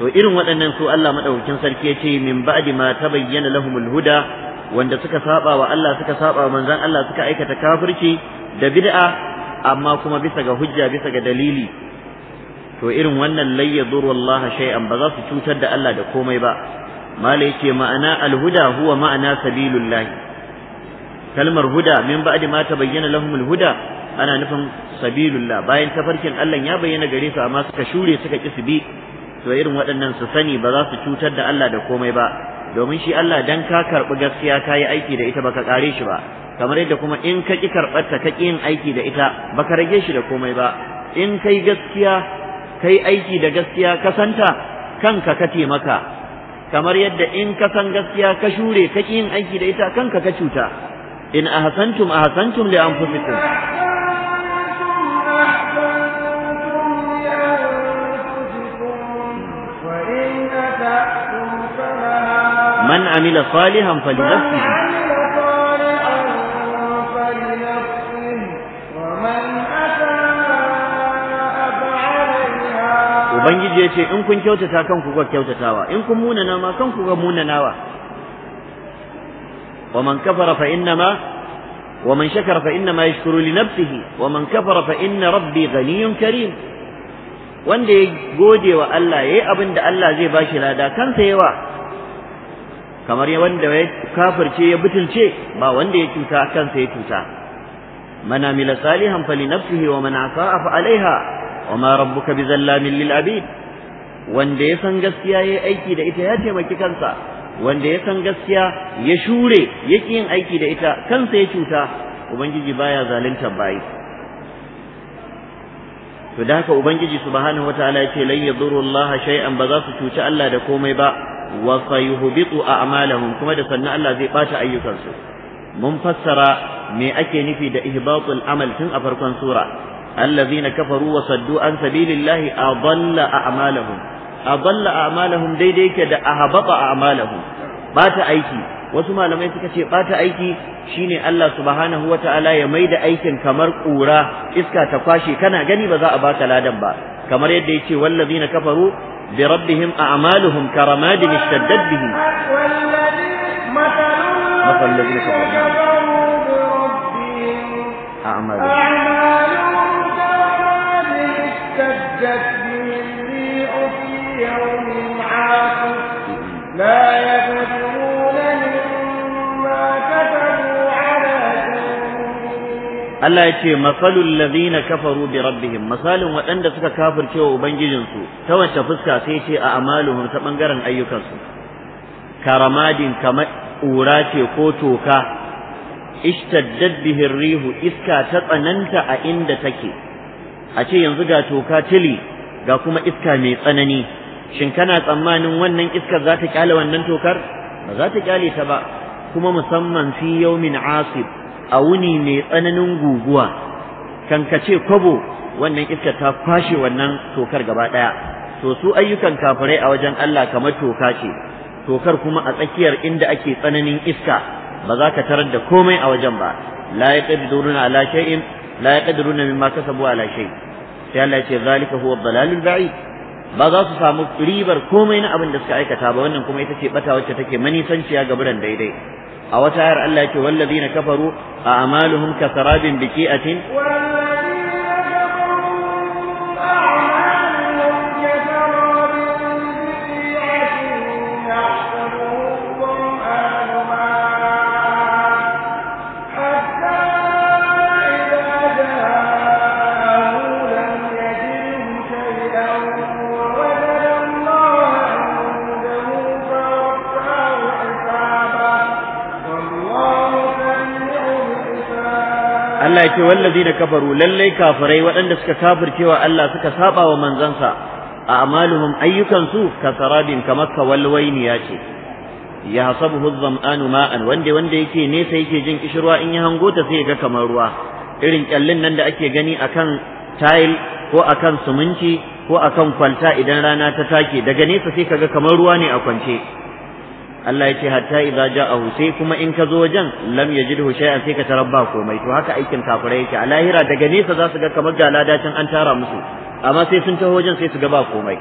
Speaker 2: to irin waɗannan su Allah madaukakin sarki ya ce min ba'di ma tabayyana lahumul huda wanda suka saba wa Allah suka saba wa manzon Allah suka aikata kafirci da bid'a amma kuma bisa ga hujja bisa ga dalili to irin wannan lai yadurru Allah shay'an ba za su cutar da Allah da komai ba mala yake ma'ana alhuda huwa ma'ana sabilullah kalmar huda min ba'di ma tabayyana lahumul huda ana nufin sabilullah bayan tafarkin Allah ya bayyana gare su amma suka shure suka ki su bi to irin waɗannan su sani ba za su cutar da Allah da komai ba domin shi Allah dan ka karɓi gaskiya ka yi aiki da ita baka kare shi ba kamar yadda kuma in ka ƙi karɓarta ka ƙi yin aiki da ita baka rage shi da komai ba in kai gaskiya kai aiki da gaskiya kasanta kanka ka taimaka kamar yadda in ka san gaskiya ka shure ka yin aiki da ita kanka ka cuta in ahsantum ahsantum li anfusikum
Speaker 1: من عمل صالحا فلنفسه
Speaker 2: ubangiji ya ce in kun kyautata kanku ga kyautatawa in kun munana ma kanku ga munanawa wa man kafara fa innama wa man shakara fa innama yashkuru li nafsihi wa man kafara fa inna rabbi ghaniyyun karim wanda ya gode wa Allah yayi abin da Allah zai bashi lada kansa yawa kamar wanda ya kafirce ya butulce ba wanda ya cuta kansa ya cuta man amila salihan fali nafsihi wa man asaa fa alaiha وما ربك بزلام للعبيد wanda ya san gaskiya ya aiki da ita ya taimaki kansa wanda ya san gaskiya ya shure ya yin aiki da ita kansa ya cuta ubangiji baya zaluntar bayi to da haka ubangiji subhanahu wataala yace lan yadurru Allah shay'an ba za su cuci Allah da komai ba wa sayuhbitu a'malahum kuma da sannan Allah zai bata ayyukansu mun fassara me ake nufi da ihbatul amal tun a farkon sura الذين كفروا وصدوا عن سبيل الله أضل أعمالهم أضل أعمالهم دي دي كده أهبط أعمالهم بات أيكي wasu malamai suka ce bata aiki shine Allah subhanahu taala ya maida aikin kamar ƙura iska ta kwashe kana gani ba za a baka ladan ba kamar yadda yake wallazina kafaru bi rabbihim a'maluhum karamadin ishtaddat bihi
Speaker 1: مثل الذين كفروا أعمالهم اشتدت به الريح في يوم عاصف لا يقدرون مما كسبوا على شيء
Speaker 2: Allah ya ce masalul ladhina kafaru bi rabbihim misalin waɗanda suka kafirce wa ubangijinsu ta wacce fuska sai ce a amaluhum ta bangaren ayyukansu karamadin kamar ƙura ce ko toka ishtaddat bihi rihu iska ta tsananta a inda take a ce yanzu ga toka tili ga kuma iska mai tsanani shin kana tsammanin wannan iskar za ta kyale wannan tokar ba za ta kyale ta ba kuma musamman fi yaumin asib a wuni mai tsananin guguwa Kan ka ce kwabo wannan iskar ta kwashe wannan tokar gaba daya to su ayyukan kafirai a wajen Allah kamar toka ce tokar kuma a tsakiyar inda ake tsananin iska ba za ka tarar da komai a wajen ba la yaqdiruna ala shay'in لا يقدرون مما كسبوا على شيء فيالله يتي ذلك هو الضلال البعيد بعض أصفى مقريبا كومين أبن دسكعي كتابة وأنهم كومين يتي بتا وشتكي مني سنشي قبرا بيدي أو تعر الله يتي والذين كفروا أعمالهم كسراب بكيئة da kafaru lallai kafirai waɗanda suka kafircewa Allah suka saba wa manzansa a amaluhum ayyukansu kasarabin kamar kawalwainiya ce ya hasabuhu zam'anu ma'an wanda wanda yake nesa yake jin kishirwa in ya hango ta sai ga kamar ruwa irin kyallin nan da ake gani akan tile ko akan suminti ko akan kwalta idan rana ta take daga nesa sai kaga kamar ruwa ne a kwance Allah ya ce hatta idza ja'ahu sai kuma in ka zo wajen lam yajidhu shay'an sai ka tarabba komai to haka aikin kafirai yake a lahira daga nesa za su ga kamar ga can an tara musu amma sai sun taho wajen sai su ga ba komai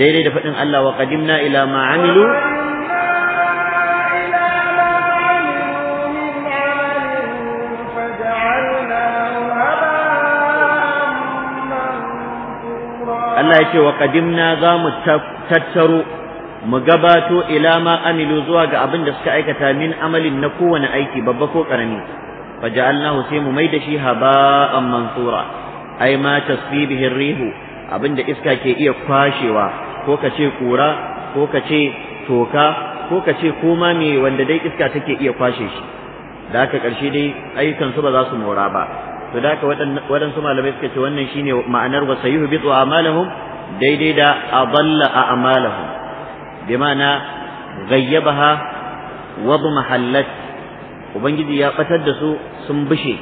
Speaker 2: daidai da faɗin Allah wa qadimna ila ma amilu Allah ya ce wa qadimna za mu tattaro mu gabato ila ma amilu zuwa ga abin da suka aikata min amalin na kowane aiki babba ko karami ja'alnahu sai mu maida shi haba'an mansura ai ma tasbibihi rihu abin da iska ke iya kwashewa ko ka ce kura ko ka ce toka ko ka ce koma me wanda dai iska take iya kwashe shi da haka karshe dai ayyukan su ba za su mora ba to da haka waɗansu malamai suka ce wannan shine ma'anar wasayuhu bi amalahum daidai da adalla a amalahum بمعنى غيبها وضمحلت وبنجدي يا قتدسو سنبشي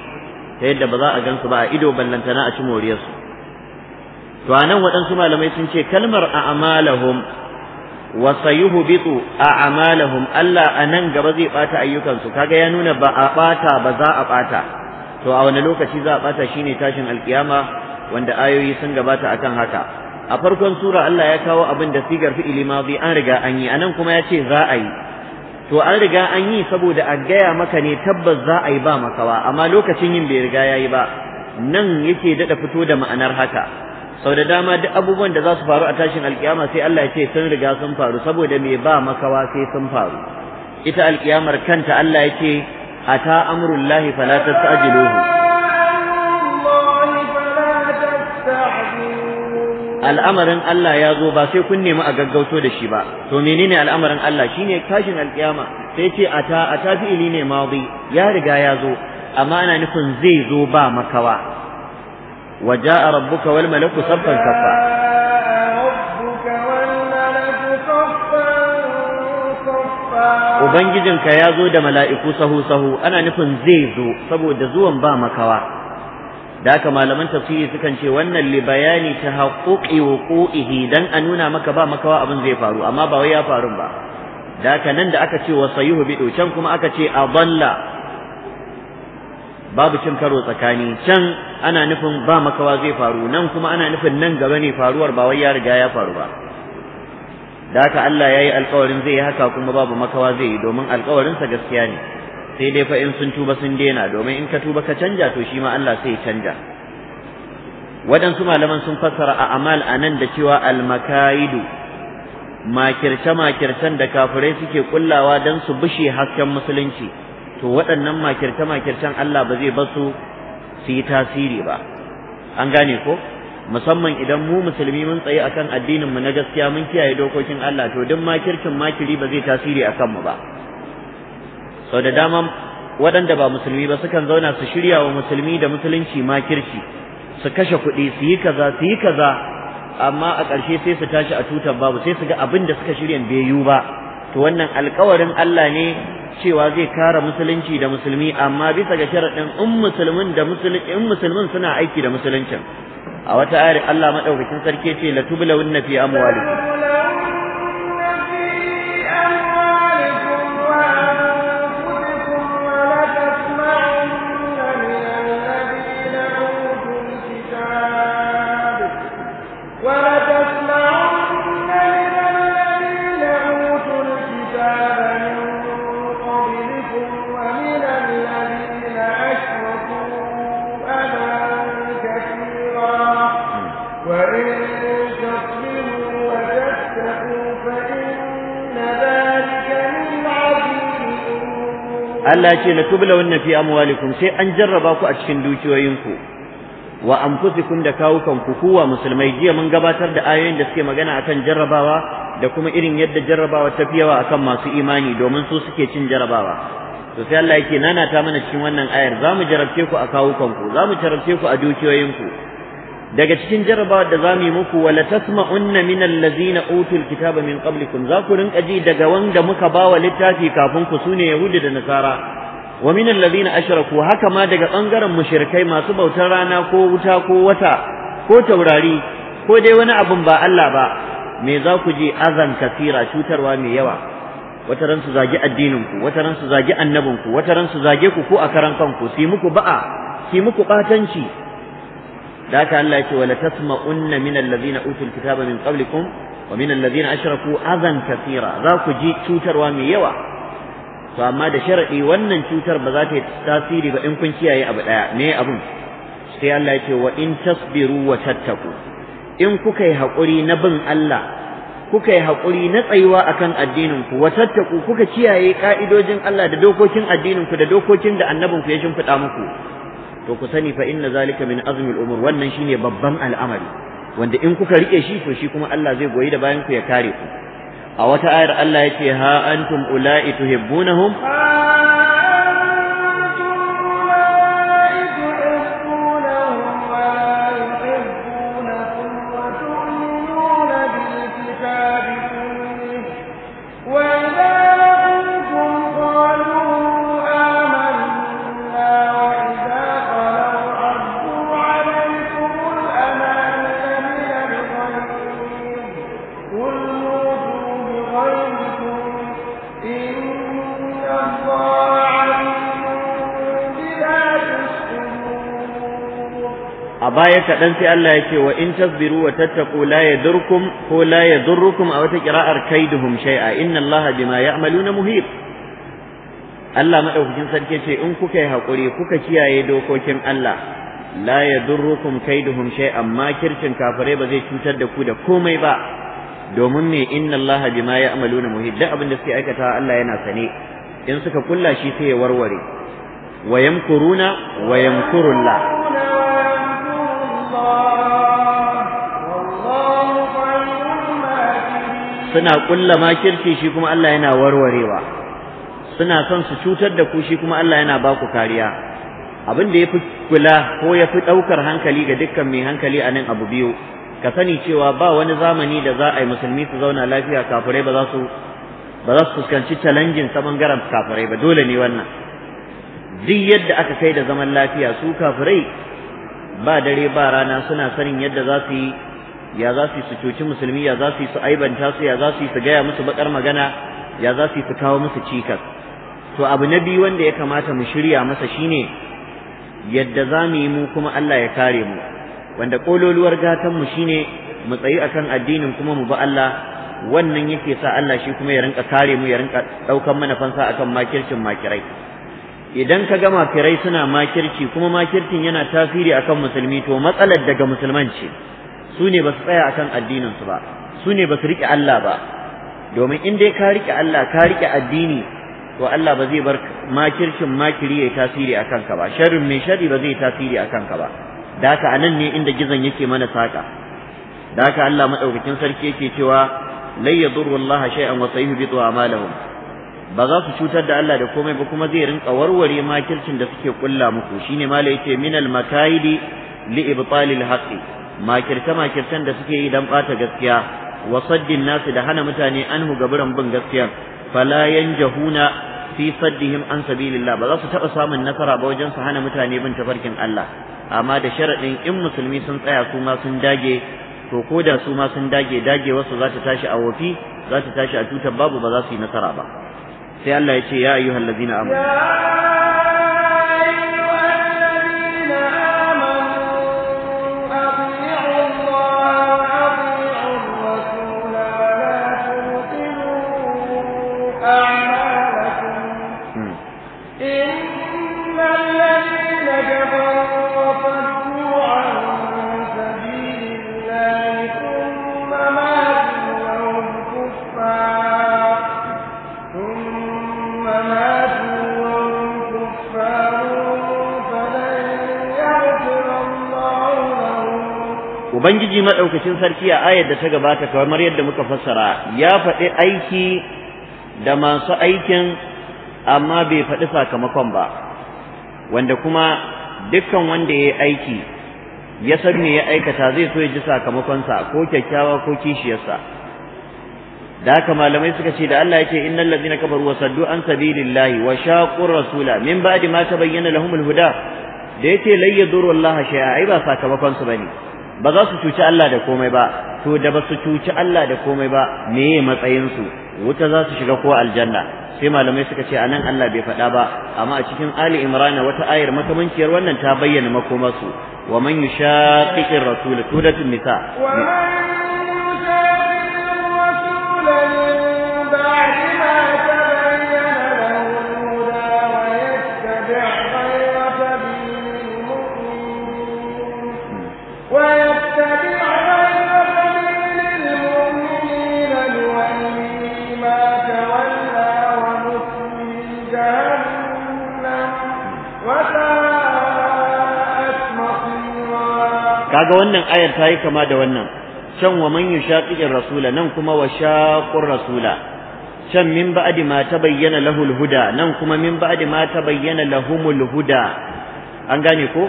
Speaker 2: تيدا بضاء جنس بقى إدو بلنتنا أشمو ريسو فأنا وأن سما لما يسنشي كلمر أعمالهم وسيهبط أعمالهم ألا أنن جرزي قاتا أيوكا سكا جيانون بأقاتا بزاء قاتا تو أو نلوكا شيزا شيني تاشن القيامة وند آيو يسنج باتا أكن هكا a farkon sura Allah ya kawo abin da sigar fi'ili madi an riga an yi anan kuma yace ce za a yi to an riga an yi saboda a gaya maka ne tabbas za a yi ba makawa amma lokacin yin bai riga ya yi ba nan yake daɗa fito da ma'anar haka sau da dama duk abubuwan da za su faru a tashin alkiyama sai Allah ya ce sun riga sun faru saboda me ba makawa sai sun faru ita alkiyamar kanta Allah ya ce ata amrullahi fala tasajiluhu al'amarin Allah ya zo ba sai kun nemi a gaggauto da shi ba to menene al'amarin Allah shine kashin alkiyama sai ce a ta a tafi'ili ne madi ya riga ya zo amma ana nufin zai zo ba makawa waja'a rabbuka wal malaku saffan saffa
Speaker 1: Ubangijinka
Speaker 2: ya zo da mala'iku sahu-sahu ana nufin zai zo saboda zuwan ba makawa. da haka malaman tafsiri sukan ce wannan li bayani ta haƙuƙi wuƙu'ihi dan a nuna maka ba makawa abin zai faru amma ba wai ya faru ba da haka nan da aka ce wa sayuhu bidu can kuma aka ce a babu cin karo tsakani can ana nufin ba makawa zai faru nan kuma ana nufin nan gaba ne faruwar ba wai ya riga ya faru ba da haka Allah ya yi alkawarin zai yi haka kuma babu makawa zai yi domin alkawarinsa gaskiya ne sai dai fa in sun tuba sun daina domin in ka tuba ka canja to shi ma Allah sai ya canja waɗansu malaman sun fassara a amal a nan da cewa almakaidu makirce-makircen da kafirai suke kullawa don su bushe hasken musulunci to waɗannan makirce-makircen Allah ba zai su su yi tasiri ba an gane ko musamman idan mu musulmi mun tsaye akan addinin mu na gaskiya mun kiyaye dokokin Allah to duk makircin makiri ba zai tasiri akan mu ba sau da dama waɗanda ba musulmi ba sukan zauna su shirya wa musulmi da musulunci ma kirki, su kashe kuɗi su yi kaza su yi kaza amma a ƙarshe sai su tashi a tutar babu sai su ga abin da suka shirya bai yiwu ba to wannan alƙawarin Allah ne cewa zai kare musulunci da musulmi amma bisa ga sharaɗin in musulmin da in musulmin suna aiki da musuluncin a wata ayar Allah madaukakin sarki ce la tublawunna fi amwalikum Allah ce la tublawanna fi amwalikum sai an jarraba ku a cikin dukiyoyinku wa anfusikum da kawukan ku kuwa musulmai jiya mun gabatar da ayoyin da suke magana akan jarrabawa da kuma irin yadda jarrabawa ta fi yawa akan masu imani domin su suke cin jarrabawa to sai Allah yake nana ta mana cikin wannan ayar zamu mu jarabce ku a kawukan ku za mu jarabce ku a dukiyoyinku daga cikin jarabawar da zamu yi muku wala tasma'unna min allazina utul kitaba min qablikum za ku rinka ji daga wanda muka bawa littafi kafin ku sune yahudi da nasara wa min allazina ashraku haka ma daga bangaren mushrikai masu bautar rana ko wuta ko wata ko taurari ko dai wani abun ba Allah ba me za ku ji azan kafira cutarwa mai yawa wata ran su zagi addinin ku wata ran su zagi annabin ku wata ran su zage ku ko a karan kanku su muku ba'a su muku batanci da haka Allah ya ce wala tasma'unna min allazina utul kitaba min qablikum wa min allazina ashraku azan kathira za ku ji cutarwa mai yawa to amma da sharadi wannan cutar ba za ta yi tasiri ba in kun kiyaye abu daya me abun sai Allah ya ce wa in tasbiru wa tattaku in kuka yi haƙuri na bin Allah kuka yi haƙuri na tsayuwa akan addininku wa tattaku kuka kiyaye ka'idojin Allah da dokokin addininku da dokokin da annabinku ya shimfiɗa muku to ku sani fa inna zalika min azmil umur wannan shine babban al'amari wanda in kuka rike shi to shi kuma Allah zai goyi da bayan ku ya kare ku a wata ayar Allah yace ha antum ula'i tuhibbunahum baya kaɗan sai Allah ya ce wa in tasbiru wa tattaku la yadurkum ko la yadurrukum a wata kira'ar kaiduhum shay'a inna Allah bima ya'maluna muhit Allah madaukakin sarki ce in kuka yi hakuri kuka kiyaye dokokin Allah la yadurrukum kaiduhum shay'an amma kirkin kafirai ba zai cutar da ku da komai ba domin ne inna Allah bima ya'maluna muhit duk abin da suke aikata Allah yana sane in suka kulla shi sai ya warware wa yamkuruna wa yamkurullah suna kulla makirci shi kuma Allah yana warwarewa suna son su cutar da ku shi kuma Allah yana ba ku kariya abin da ya fi kula ko ya fi ɗaukar hankali ga dukkan mai hankali a nan abu biyu ka sani cewa ba wani zamani da za a yi musulmi su zauna lafiya kafirai ba za su ba za su fuskanci challenging ta bangaren kafirai ba dole ne wannan duk yadda aka kai da zaman lafiya su kafirai ba dare ba rana suna sanin yadda za su yi ya za su yi su cuci musulmi ya za su yi su aibanta su ya za su yi su gaya musu bakar magana ya za su yi su kawo musu cikas to abu na biyu wanda ya kamata mu shirya masa shine yadda za mu yi mu kuma Allah ya kare mu wanda kololuwar gatan mu shine mu tsayi akan addinin kuma mu bi Allah wannan yake sa Allah shi kuma ya rinka kare mu ya rinka daukan mana fansa akan makircin makirai idan ka ga mafirai suna makirci kuma makircin yana tasiri akan musulmi to matsalar daga musulman ce su ne ba su tsaya akan addinin su ba su ne ba su rike Allah ba domin in dai ka rike Allah ka rike addini to Allah ba zai bar makircin makiri ya tasiri akan ka ba sharrin mai sharri ba zai tasiri akan ka ba Daka anan ne inda gizon yake mana saka Daka Allah madaukakin sarki yake cewa la yadurru Allah shay'an wa sayuhbitu a'malahum ba za su cutar da Allah da komai ba kuma zai rinka warware makircin da suke kulla muku shine mala yace minal makaidi li ibtalil haqqi makirta makirtan da suke yi dan bata gaskiya wa saddin nasu da hana mutane anhu gaburan bin gaskiya fala yanjahuna fi saddihim an sabilillah ba za su taba samun nasara ba wajen su hana mutane bin tafarkin Allah amma da sharadin in musulmi sun tsaya su ma sun dage to ko da su ma sun dage dagewarsu za ta tashi a wofi za ta tashi a tutar babu ba za su yi nasara ba sai Allah ya ce ya ayyuhal ladzina
Speaker 1: amanu أعمالكم إن
Speaker 2: ubangiji madaukakin sarki a ayar da ta gabata kamar yadda muka fassara ya faɗi aiki da masu aikin amma bai faɗi sakamakon ba wanda kuma dukkan wanda ya yi aiki ya san me ya aikata zai so ya ji sakamakonsa ko kyakkyawa ko kishiyarsa da haka malamai suka ce da Allah yake innal ladzina kafaru wa saddu an sabilillahi wa shaqur rasula min ba'di ma tabayyana lahumul huda da yake la yadurru Allah shay'a ai ba sakamakonsu bane ba za su cuci Allah da komai ba to da ba su cuci Allah da komai ba meye matsayin su wuta za su shiga ko aljanna sai malamai suka ce anan Allah bai faɗa ba amma a cikin Ali Imran wata ayar makamanciyar wannan ta bayyana makomarsu wa man yushaqiqir rasul tudatun nisa kaga wannan ayar ta yi kama da wannan can wa man yushaqiqir rasula nan kuma wa shaqur rasula can min ba'di ma tabayyana lahul huda nan kuma min ba'di ma tabayyana lahumul huda an gane ko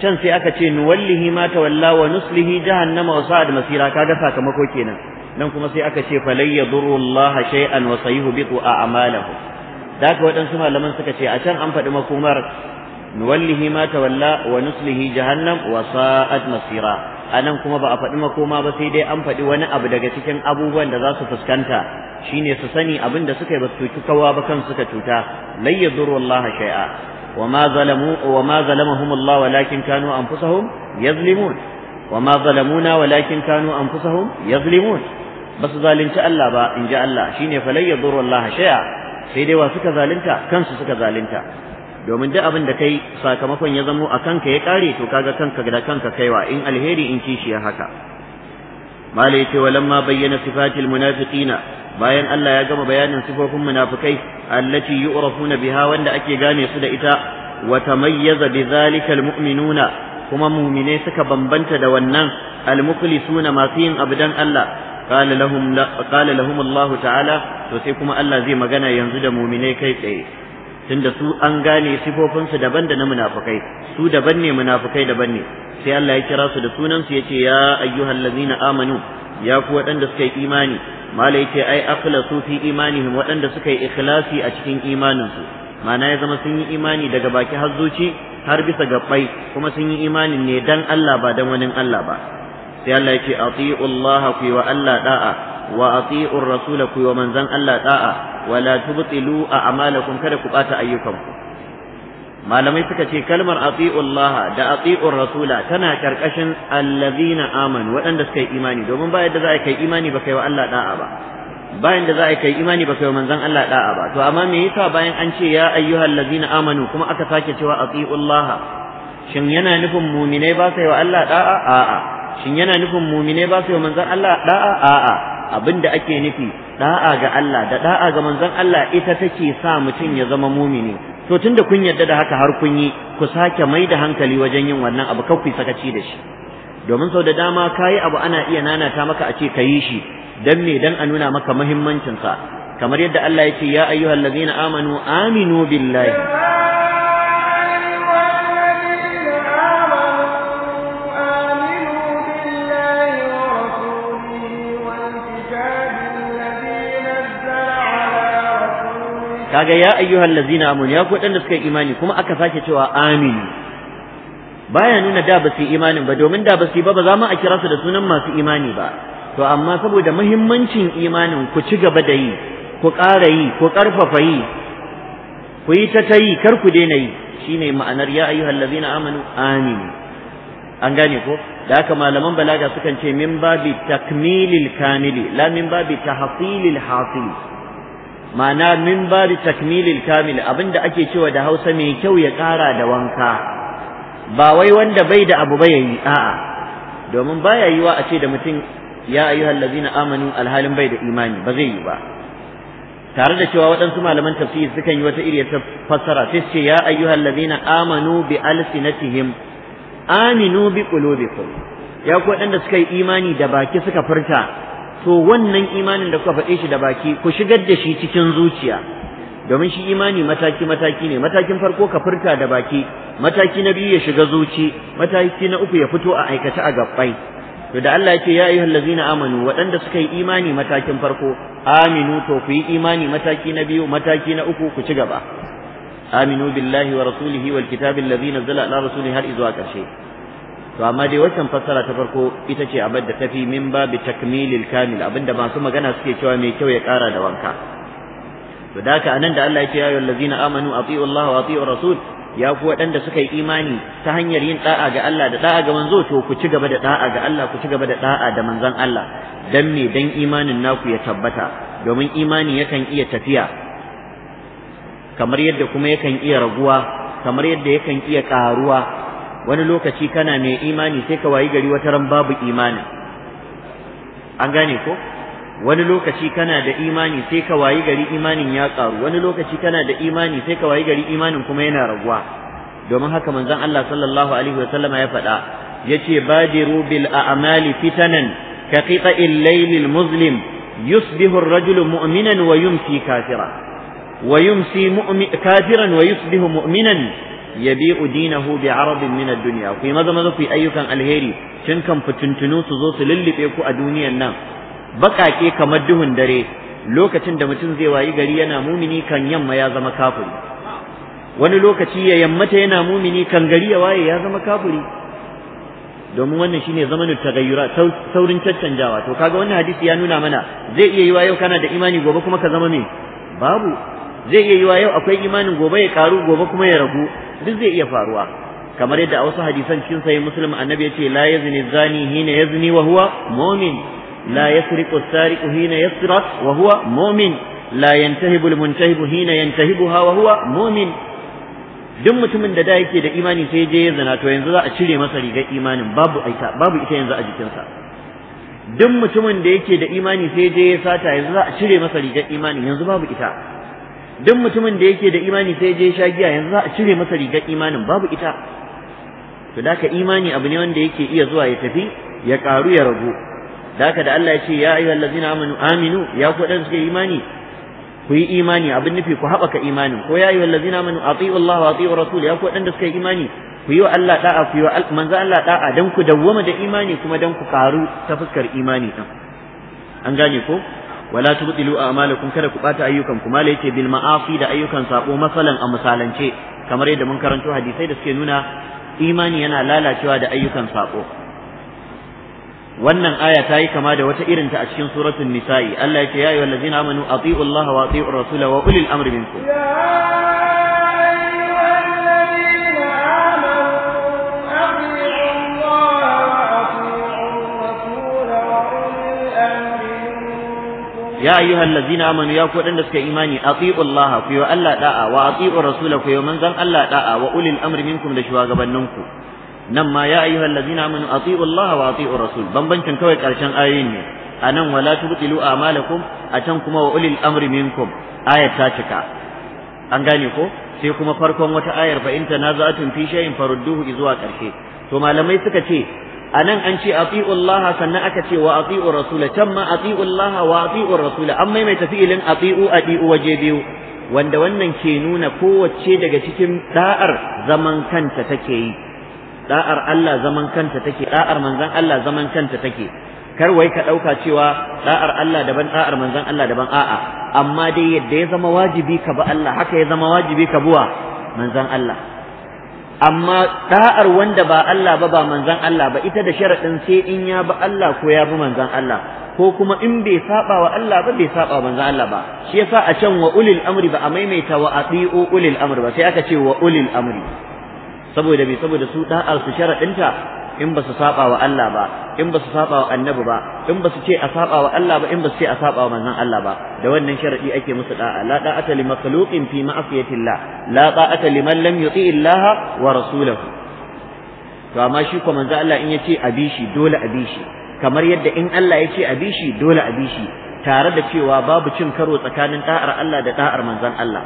Speaker 2: can sai aka ce nuwallihi ma tawalla wa nuslihi jahannama wa sa'ad masira kaga sakamako kenan nan kuma sai aka ce falay yadurullaha shay'an wa sayuhbitu a'malahu da haka waɗansu malaman suka ce a can an faɗi makomar nuwallihi ma tawalla wa nuslihi jahannam wa sa'at masira anan kuma ba a faɗi makoma ba sai dai an faɗi wani abu daga cikin abubuwan da za su fuskanta shine su sani abin da suka yi ba su cuci kowa ba kan suka cuta lai yadurru Allah shay'a wa ma zalamu wa ma zalamahum Allah walakin kanu anfusahum yazlimun wa ma zalamuna walakin kanu anfusahum yazlimun ba su zalunci Allah ba in ji Allah shine falai yadurru Allah shay'a sai dai wa suka zalunta kansu suka zalunta domin duk abin da kai sakamakon ya zamo a kanka ya kare to kaga kanka da kanka kaiwa in alheri in kishi ya haka ce wa lamma bayyana sifatil munafiqina bayan Allah ya gama bayanin sifofin munafikai allati yu'rafuna biha wanda ake gane su da ita wa tamayyaza bidhalika almu'minuna kuma mu'mine suka bambanta da wannan almukhlisuna masu yin dan Allah قال لهم لا قال لهم الله تعالى kuma Allah zai magana yanzu da muminai kai tsaye tunda su an gane sifofinsu daban da na munafukai su daban ne munafukai daban ne sai Allah ya kira su da sunansu ya ce ya ayyuhal ladzina amanu ya ku waɗanda suka yi imani mala ya ce ai su fi imanihim waɗanda suka yi ikhlasi a cikin imaninsu ma'ana ya zama sun yi imani daga baki har zuci har bisa gabbai kuma sun yi imanin ne dan Allah ba dan wani Allah ba sai Allah yake ati'u Allah ku wa Allah da'a wa ati'u rasul ku wa manzan Allah da'a wa la tubtilu a'malakum kada ku bata ayyukanku malamai suka ce kalmar ati'u Allah da ati'u rasula tana karkashin allazina amanu waɗanda suka yi imani domin ba yadda za a kai imani ba kai wa Allah da'a ba bayan da za a kai imani ba kai manzon Allah da'a ba to amma me yasa bayan an ce ya ayyuhal ladzina amanu kuma aka sake cewa atiullaha shin yana nufin mu'minai ba sai wa Allah da'a a'a shin yana nufin mumine ba su yi manzan Allah da'a a'a abinda ake nufi da'a ga Allah da da'a ga manzan Allah ita take sa mutum ya zama mumine. to tunda kun yarda da haka har kun yi ku sake mai da hankali wajen yin wannan abu kai ku ci da shi domin sau da dama kayi abu ana iya nanata maka a ce ka yi shi dan me dan a nuna maka muhimmancinsa kamar yadda Allah ya ce ya ayyuhallazina amanu aminu billahi kaga ya ayyuhal ladzina amanu ya ku da suka yi imani kuma aka sake cewa amin baya nuna da ba imanin ba domin da basi ba ba za mu a kira su da sunan masu imani ba to amma saboda muhimmancin imanin ku ci gaba da yi ku ƙara yi ku ƙarfafa yi ku yi ta ta yi kar ku daina yi shine ma'anar ya ayyuhal ladzina amanu amin an gane ko da haka malaman balaga sukan ce min babi takmilil kamili la min babi tahsilil hasili ma'ana min bari takmilil kamil abinda ake cewa da Hausa mai kyau ya kara da wanka ba wai wanda bai da abu ba yi. a'a domin baya yiwa a ce da mutum ya ayyuhal ladzina amanu alhalin bai da imani ba zai yi ba tare da cewa waɗansu malaman tafsiri sukan yi wata iri ta fassara sai ce ya ayyuhal ladzina amanu bi alsinatihim aminu bi qulubikum ya ku waɗanda suka yi imani da baki suka furta to wannan imanin da kuka faɗe shi da baki ku shigar da shi cikin zuciya domin shi imani mataki mataki ne matakin farko ka furta da baki mataki na biyu ya shiga zuci mataki na uku ya fito a aikace a gabbai to da Allah yake ya ayyuhal ladzina amanu waɗanda suka yi imani matakin farko aminu to ku yi imani mataki na biyu mataki na uku ku ci gaba aminu billahi wa rasulihi wal kitabil ladzi nazzala ala rasulihi har izuwa ƙarshe to amma dai wannan fassara ta farko ita ce abin da tafi min bi takmilil kamil abinda masu magana suke cewa mai kyau ya kara da wanka to da haka anan da Allah ya ce ya ayyuhallazina amanu atiiu Allah wa atiiu rasul ya fi waɗanda suka yi imani ta hanyar yin ɗa'a ga Allah da ɗa'a ga manzo to ku ci gaba da ɗa'a ga Allah ku ci gaba da ɗa'a da manzon Allah dan me dan imanin naku ya tabbata domin imani yakan iya tafiya kamar yadda kuma yakan iya raguwa kamar yadda yakan iya karuwa wani lokaci kana mai imani sai ka wayi gari wata ran babu imani an gane ko wani lokaci kana da imani sai ka wayi gari imanin ya karu wani lokaci kana da imani sai ka wayi gari imanin kuma yana raguwa domin haka manzon Allah sallallahu alaihi wa sallama ya faɗa yace badiru bil a'mali fitanan ka qita'il laylil muzlim yusbihu ar-rajulu mu'minan wa yumsi kafira wa yumsi kafiran wa yusbihu mu'minan yabi udinahu bi arabin min ad-dunya ku maza maza ku ayyukan alheri tun kan fitintunu su zo su lullube ku a duniyan nan bakake kamar duhun dare lokacin da mutum zai wayi gari yana mumini kan yamma ya zama kafiri wani lokaci ya yammata yana mumini kan gari ya waye ya zama kafiri domin wannan shine zamanin tagayyura saurin caccanjawa to kaga wannan hadisi ya nuna mana zai iya yiwa yau kana da imani gobe kuma ka zama me babu zai iya yiwa yau akwai imanin gobe ya karu gobe kuma ya ragu duk zai iya faruwa kamar yadda a wasu hadisan cikin sahih muslim annabi ya ce la yazni zani hina yazni wa huwa mu'min la yasriqu sariqu hina yasriq wa huwa mu'min la yantahibu almuntahibu hina yantahibuha wa huwa mu'min duk mutumin da da yake da imani sai je ya zina to yanzu za a cire masa rigar imanin babu ita babu ita yanzu a jikinsa duk mutumin da yake da imani sai je ya sata yanzu za a cire masa rigar imanin yanzu babu ita duk mutumin da yake da imani sai je sha giya yanzu za a cire masa rigar imanin babu ita to daka imani abu ne wanda yake iya zuwa ya tafi ya karu ya ragu daka da Allah ya ce ya ayyuhal ladzina amanu aminu ya ku dan suke imani ku yi imani abin nufi ku haɓaka imanin ko ya ayyuhal ladzina amanu atiiu Allah wa atiiu rasul ya ku dan da suke imani ku yi wa Allah da'a ku yi wa manzo Allah da'a dan ku dawwama da imani kuma dan ku karu ta fuskar imani din an gane ko wala tubtilu a'malakum kada ku bata ayyukan ku mala yake bil ma'afi da ayyukan sako masalan a misalance kamar yadda mun karanto hadisai da suke nuna imani yana lalacewa da ayyukan saƙo. wannan aya ta yi kama da wata irin ta a cikin suratul nisa'i Allah yake ya ayyuhallazina amanu atiiu wa atiiu ar-rasul wa ulil amri minkum ya ayyuhal ladzina amanu ya ku wadanda suka imani atiiu Allah ku yi Allah da'a wa atiiu rasula ku yi manzon Allah da'a wa ulil amri minkum da shugabanninku nan ma ya ayyuhal ladzina amanu atiiu Allah wa atiiu rasul bambancin kawai karshen ayoyin ne anan wala tubtilu a'malakum atan kuma wa ulil amri minkum ayat ta cika an gane ko sai kuma farkon wata ayar fa in tanaza'tum fi shay'in farudduhu zuwa karshe to malamai suka ce anan an ce ati'u Allah sannan aka ce wa ati'u rasul can ma ati'u Allah wa ati'u rasula? an maimaita fi'ilin ati'u ati'u waje biyu wanda wannan ke nuna kowace daga cikin da'ar zaman kanta take yi da'ar Allah zaman kanta take da'ar manzon Allah zaman kanta take kar wai ka ɗauka cewa da'ar Allah daban da'ar manzon Allah daban a'a amma dai yadda ya zama wajibi ka ba Allah haka ya zama wajibi ka buwa manzon Allah amma da'ar wanda ba Allah ba ba manzan Allah ba ita da sharaɗin sai in ya ba Allah ko ya bi manzan Allah ko kuma in bai saba wa Allah ba bai saba manzan Allah ba shi yasa a can wa ulil amri ba a maimaita wa ati'u ulil amri ba sai aka ce wa ulil amri saboda bai saboda su da'ar su sharaɗinta in ba su saba wa Allah ba in ba su saba wa annabi ba in ba su ce a saba wa Allah ba in ba su ce a saba wa manzon Allah ba da wannan sharadi ake musu da'a la da'ata li makhluqin fi ma'siyatillah la da'ata liman lam yuti Allah wa rasulahu to amma shi ko manzon Allah in yace bishi dole bishi. kamar yadda in Allah yace bishi dole bishi. tare da cewa babu cin karo tsakanin da'ar Allah da da'ar manzon Allah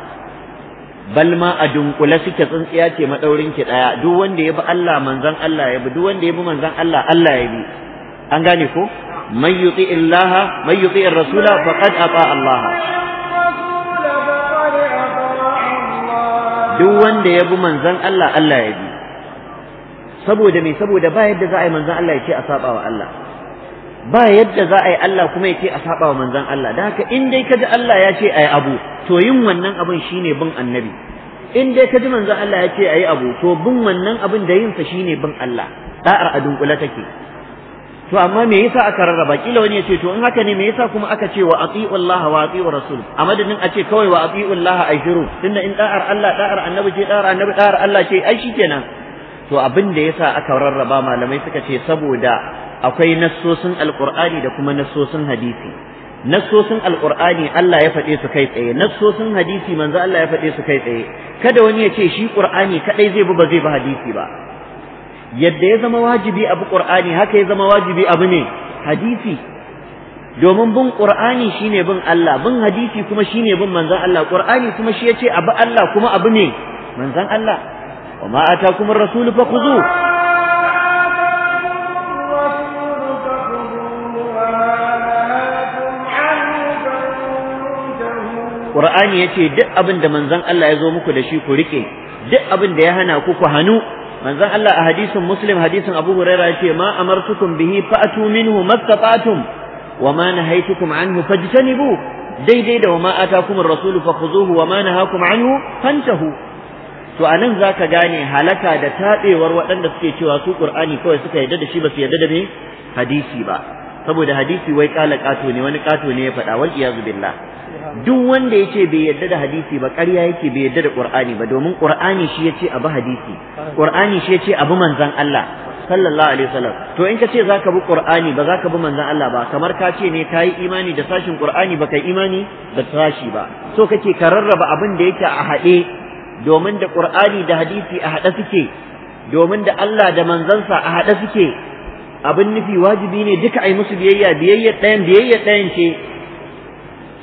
Speaker 2: bal ma a dunkule suke tsintsiya ce madaurin ki daya duk wanda ya bi Allah manzon Allah ya bi duk wanda ya bi manzon Allah Allah ya bi an gane ko man yuti illaha man yuti ar-rasula faqad ata Allah duk wanda ya bi manzon Allah Allah ya bi saboda me saboda ba yadda za a yi manzon Allah ya ce a saba wa Allah ba yadda za a yi Allah kuma ya ce a saba wa manzon Allah da haka in dai kaji Allah ya ce ayi abu to yin wannan abin shine bin annabi in dai kaji manzon Allah ya ce ayi abu to bin wannan abin da yin sa shine bin Allah da'ar a dunkula take to amma me yasa aka rarraba kila wani ya ce to in haka ne me yasa kuma aka ce wa atiu Allah wa atiu rasul a madadin a ce kawai wa atiu Allah ai shiru tunda in da'ar Allah da'ar annabi ce da'ar annabi da'ar Allah ce ai shikenan to abin da yasa aka rarraba malamai suka ce saboda akwai nassosin alqur'ani da kuma nassosin hadisi nassosin alqur'ani Allah ya faɗe su kai tsaye nassosin hadisi manzo Allah ya faɗe su kai tsaye kada wani ya ce shi qur'ani kadai zai bi ba zai bi hadisi ba yadda ya zama wajibi abu qur'ani haka ya zama wajibi abu ne hadisi domin bin qur'ani shine bin Allah bin hadisi kuma shine bin manzon Allah qur'ani kuma shi yace abu Allah kuma abu ne manzon Allah wa ma atakumur rasul fakhuzu qur'ani yace duk abin da manzon Allah ya zo muku da shi ku rike duk abin da ya hana ku ku hanu manzon Allah a hadisin muslim hadisin abu huraira yace ma amartukum bihi fa'tu minhu mastata'tum wa ma nahaytukum anhu fajtanibu daidai da wama atakum ar-rasul fakhuzuhu wa ma nahakum anhu fantahu to anan zaka gane halaka da tabewar waɗanda suke cewa su qur'ani kawai suka yarda da shi ba su yarda da me hadisi ba saboda hadisi wai kala kato ne wani kato ne ya faɗa wal iyazu billah duk wanda yace bai yarda da hadisi ba ƙarya yake bai yarda da Qur'ani ba domin Qur'ani shi yace abu hadisi Qur'ani shi yace abu manzan Allah sallallahu alaihi wasallam to in ka ce zaka bi Qur'ani ba zaka bi manzan Allah ba kamar ka ce ne kai imani da sashin Qur'ani ba kai imani da sashi ba so kake ka rarraba abin da yake a haɗe domin da Qur'ani da hadisi a haɗe suke domin da Allah da manzansa a haɗe suke abin nufi wajibi ne duka ai musu biyayya biyayyar ɗayan biyayyar ɗayan ce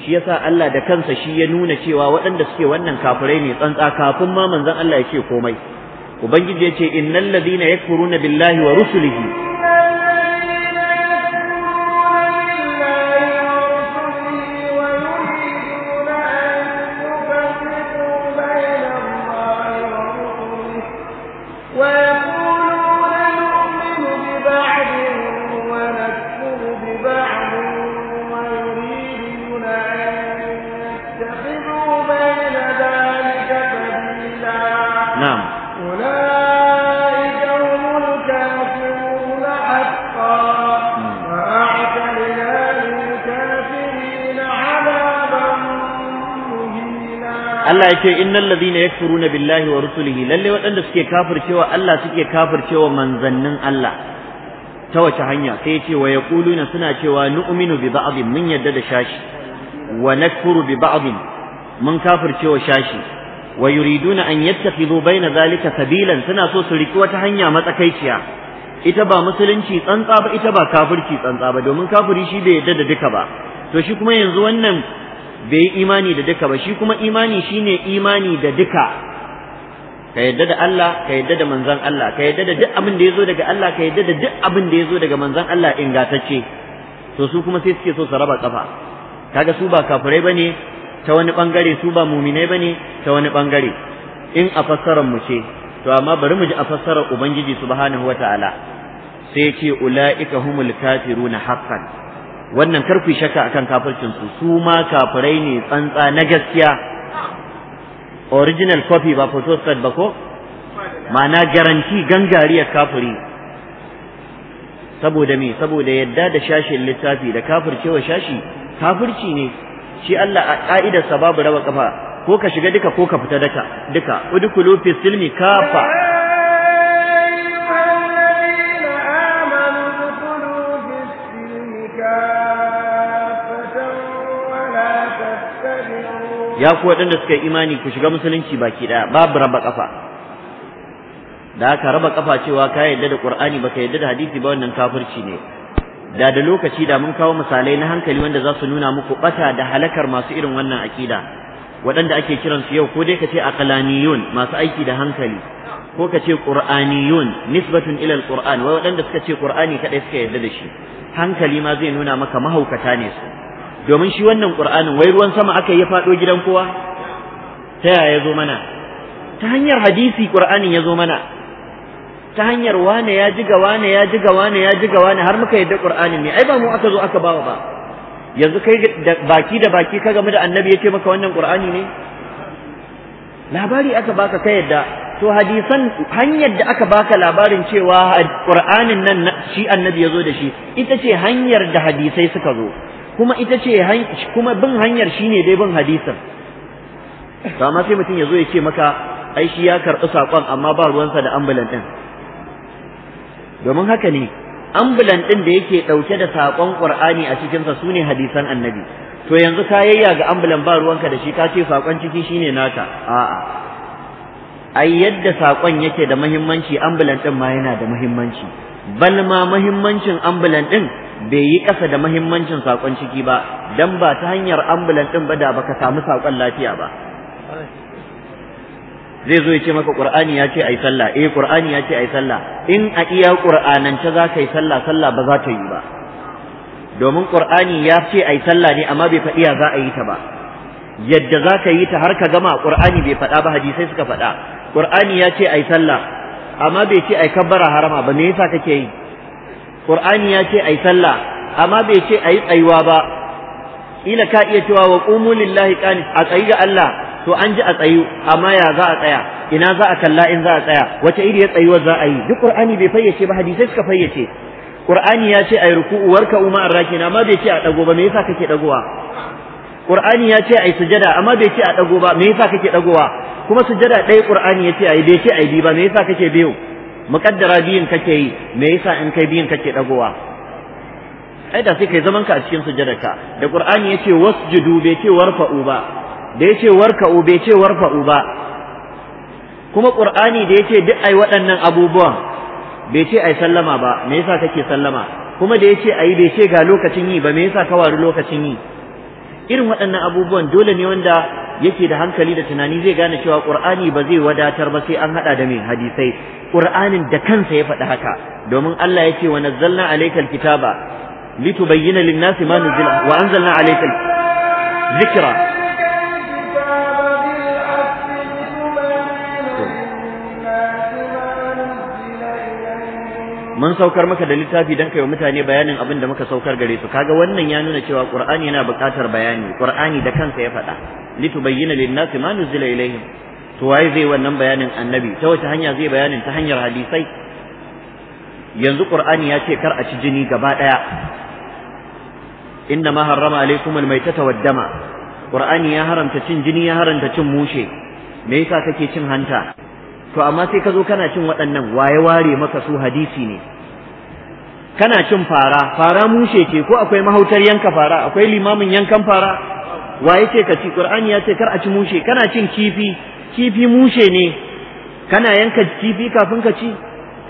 Speaker 2: shi yasa Allah da kansa shi ya nuna cewa waɗanda suke wannan kafirai ne tsantsa kafin ma manzon Allah ya ce komai ubangiji ya ce innal ladina yakfuruna billahi wa rusulihi Allah ya ce innal ladhina yakfuruna billahi wa rusulihi lalle waɗanda suke kafircewa Allah suke kafircewa manzannin Allah ta wace hanya sai ya ce wa yaquluna suna cewa nu'minu bi ba'dhin mun yadda da shashi wa nakfuru bi ba'dhin mun kafircewa shashi wa yuriduna an yattakhidhu baina zalika sabilan suna so su riki wata hanya matsakaiciya ita ba musulunci tsantsa ba ita ba kafirci tsantsa ba domin kafiri shi bai yadda da duka ba to shi kuma yanzu wannan bai yi imani da duka ba shi kuma imani shine imani da duka ka yadda da Allah ka yadda da manzon Allah ka yadda da duk abin da yazo daga Allah ka yadda da duk abin da yazo daga manzon Allah ingatacce to su kuma sai suke so su raba kafa kaga su ba kafirai bane ta wani bangare su ba muminai bane ta wani bangare in a fassarar mu ce to amma bari mu ji a fassarar ubangiji subhanahu wataala sai ya ce ula'ika humul kafiruna haqqan wannan karku shaka akan kafircin su su ma kafirai ne tsantsa na gaskiya original copy ba photostat ba ko ma'ana garanti gangariyar kafiri saboda me saboda yadda da shashin littafi da kafircewa shashi kafirci ne shi Allah a sa babu raba kafa ko ka shiga duka ko ka fita duka duka udkhulu fi silmi kafa ya ku waɗanda suka yi imani ku shiga musulunci baki ɗaya babu raba ƙafa da aka raba ƙafa cewa ka yadda da ƙur'ani baka yadda da hadisi ba wannan kafirci ne da da lokaci da mun kawo misalai na hankali wanda za su nuna muku ɓata da halakar masu irin wannan aƙida waɗanda ake kiran su yau ko dai ka ce aqlaniyun masu aiki da hankali ko ka ce qur'aniyun nisbatun ila alquran wa waɗanda suka ce qur'ani kadai suka yarda da shi hankali ma zai nuna maka mahaukata ne su domin shi wannan qur'anin wai ruwan sama aka yi faɗo gidan kowa ta yaya ya zo mana ta hanyar hadisi qur'anin ya zo mana ta hanyar wane ya jiga wane ya jiga wane ya jiga wane har muka yadda qur'anin ne ai ba mu aka zo aka bawa ba yanzu kai da baki da baki ka gamu da annabi yace maka wannan qur'ani ne labari aka baka ka yadda to hadisan hanyar da aka baka labarin cewa qur'anin nan shi annabi ya zo da shi ita ce hanyar da hadisai suka zo kuma ita ce kuma bin hanyar shine dai bin hadisin to sai mutum ya zo ya ce maka ai shi ya karɓi saƙon amma ba ruwansa da ambulan ɗin domin haka ne ambulan ɗin da yake ɗauke da saƙon ƙur'ani a cikinsa su ne hadisan annabi to yanzu ka yayya ga ambulan ba ruwanka da shi ka ce saƙon ciki shi ne naka a'a ai yadda saƙon yake da muhimmanci ambulan ɗin ma yana da muhimmanci bal ma muhimmancin ambulan ɗin bai yi ƙasa da mahimmancin saƙon ciki ba dan ba ta hanyar ambulan ɗin ba da baka samu saƙon lafiya ba zai zo ya ce maka qur'ani ya ce ai sallah eh qur'ani ya ce ai sallah in a iya qur'anance za ka yi sallah sallah ba za ta yi ba domin qur'ani ya ce ai sallah ne amma bai faɗi ya za a yi ta ba yadda za ka yi ta har ka gama qur'ani bai faɗa ba hadisai suka faɗa qur'ani ya ce ai sallah amma bai ce ai kabbara harama ba me yasa kake yi qur'ani ya ce ai sallah amma bai ce ai tsayuwa ba ila ka iya cewa wa qumu lillahi qani a tsayi ga Allah to an ji a tsayu amma ya za a tsaya ina za a kalla in za a tsaya wace iri ya tsayuwar za a yi duk qur'ani bai fayyace ba hadisai suka fayyace qur'ani ya ce ai ruku'u warka umma arrakina amma bai ce a dago ba me yasa kake dagowa qur'ani ya ce ai sujada amma bai ce a dago ba me yasa kake dagowa kuma sujada ɗaya qur'ani ya ce ai bai ce ai bi ba me yasa kake biyu muƙaddara biyun kake yi me yasa in kai biyun kake dagowa ai da sai kai zaman ka a cikin sujadarka da qur'ani yace wasjudu bai ce warfa'u ba da yace warka'u bai ce warfa'u ba kuma qur'ani da yace duk ai waɗannan abubuwan bai ce ai sallama ba me yasa kake sallama kuma da yace ai bai ce ga lokacin yi ba me yasa ka wari lokacin yi irin waɗannan abubuwan dole ne wanda yake da hankali da tunani zai gane cewa qur'ani ba zai wadatar ba sai an hada da mai hadisai qur'anin da kansa ya faɗi haka domin Allah ya ce wa nazzalna alaykal kitaba litubayyana lin ma nuzila wa anzalna mun saukar maka da littafi don kai wa mutane bayanin abin da muka saukar gare su kaga wannan ya nuna cewa qur'ani yana buƙatar bayani qur'ani da kansa ya faɗa litubayyana lin-nasi ma nuzila ilayhim to waye zai wannan bayanin annabi ta wace hanya zai bayanin ta hanyar hadisai yanzu qur'ani ya ce kar a ci jini gaba daya inna ma harrama alaykum al-maytata wad-dama qur'ani ya haramta cin jini ya haramta cin mushe me yasa kake cin hanta to amma sai ka zo kana cin waɗannan waye ware maka su hadisi ne kana cin fara fara mushe ce ko akwai mahautar yanka fara akwai limamin yankan fara waye ce ka ci qur'ani ya ce kar a ci mushe kana cin kifi kifi mushe ne kana yanka kifi kafin ka ci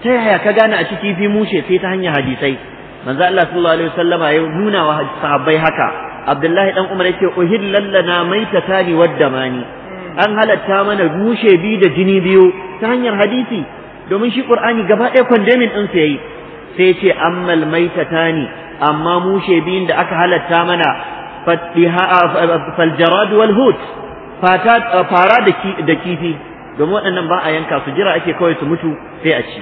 Speaker 2: ta yaya ka gane a ci kifi mushe sai ta hanyar hadisai manzo Allah sallallahu alaihi wasallama ya nuna wa sahabbai haka Abdullahi dan Umar yake uhillal lana maitatani waddamani an halatta mana mushe biyu da jini biyu ta hanyar hadisi domin shi qur'ani gaba ɗaya kwandemin din sa yayi sai ce ammal maitatani amma mushe biyun da aka halatta mana faljarad wal hut fara da kifi domin waɗannan ba a yanka su jira ake kawai su mutu sai a ci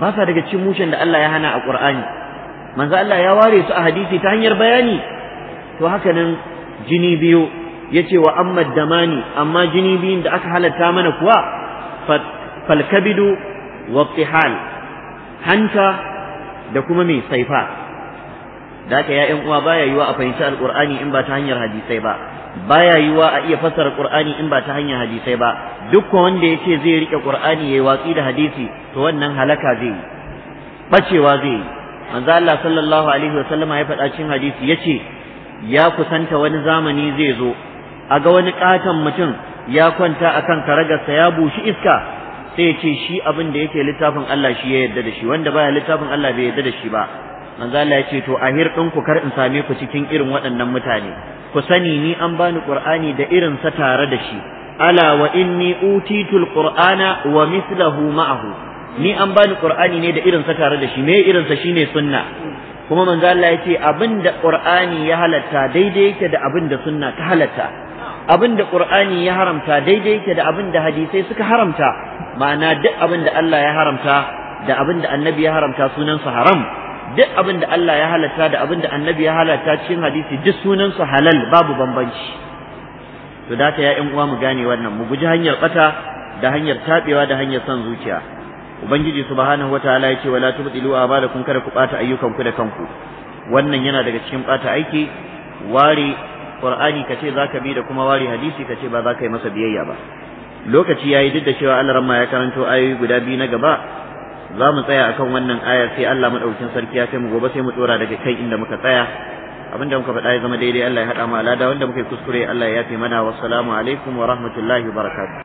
Speaker 2: ba sa daga cikin mushen da Allah ya hana a Qur'ani manzo Allah ya ware su a hadisi ta hanyar bayani to haka nan jini biyu yace wa amma damani amma jini biyun da aka halatta mana kuwa falkabidu wa tihal hanta da kuma mai saifa da aka ya'yan uwa baya yiwa a fahimci alqur'ani in ba ta hanyar hadisai ba baya yiwa a iya fassara qur'ani in ba ta hanyar hadisai ba duk wanda yace zai rike qur'ani yayi watsi da hadisi to wannan halaka zai yi bacewa zai yi manzo Allah sallallahu alaihi wasallama ya faɗa cikin hadisi yace ya kusanta wani zamani zai zo a ga wani katon mutum ya kwanta a akan karagarsa ya bushi iska sai ce shi abin da yake littafin Allah shi ya yarda da shi wanda baya littafin Allah bai yarda da shi ba manzo Allah ya ce to a hirɗin ku kar in same ku cikin irin waɗannan mutane ku sani ni an bani Qur'ani da irin sa tare da shi ala wa inni utitul qur'ana wa mithluhu ma'ahu ni an bani Qur'ani ne da irin sa tare da shi me irin sa shine sunna kuma manzo Allah ya ce abin da Qur'ani ya halatta daidai yake da abinda sunna ta halatta abin da qur'ani ya haramta daidai yake da abin da hadisai suka haramta ma'ana duk abin da Allah ya haramta da abin da annabi ya haramta sunan sa haram duk abin da Allah ya halatta da abin da annabi ya halatta cikin hadisi duk sunan halal babu bambanci to da ta ya ƴan uwa mu gane wannan mu guji hanyar bata da hanyar tabewa da hanyar son zuciya ubangiji subhanahu wataala yace wala tubdilu kun kada ku bata ayyukan ku da kanku wannan yana daga cikin bata aiki ware qur'ani ka ce zaka bi da kuma wari hadisi ka ce ba za ka yi masa biyayya ba lokaci yi duk da cewa Allah ramma ya karanto ayoyi guda biyu na gaba za mu tsaya akan wannan ayar sai Allah maɗaukin sarki ya kai mu gobe sai mu tsora daga kai inda muka tsaya abinda muka
Speaker 1: faɗa ya zama daidai Allah ya haɗa mu alada wanda muka yi kuskure Allah ya yafe mana wassalamu alaikum wa rahmatullahi wa barakatuh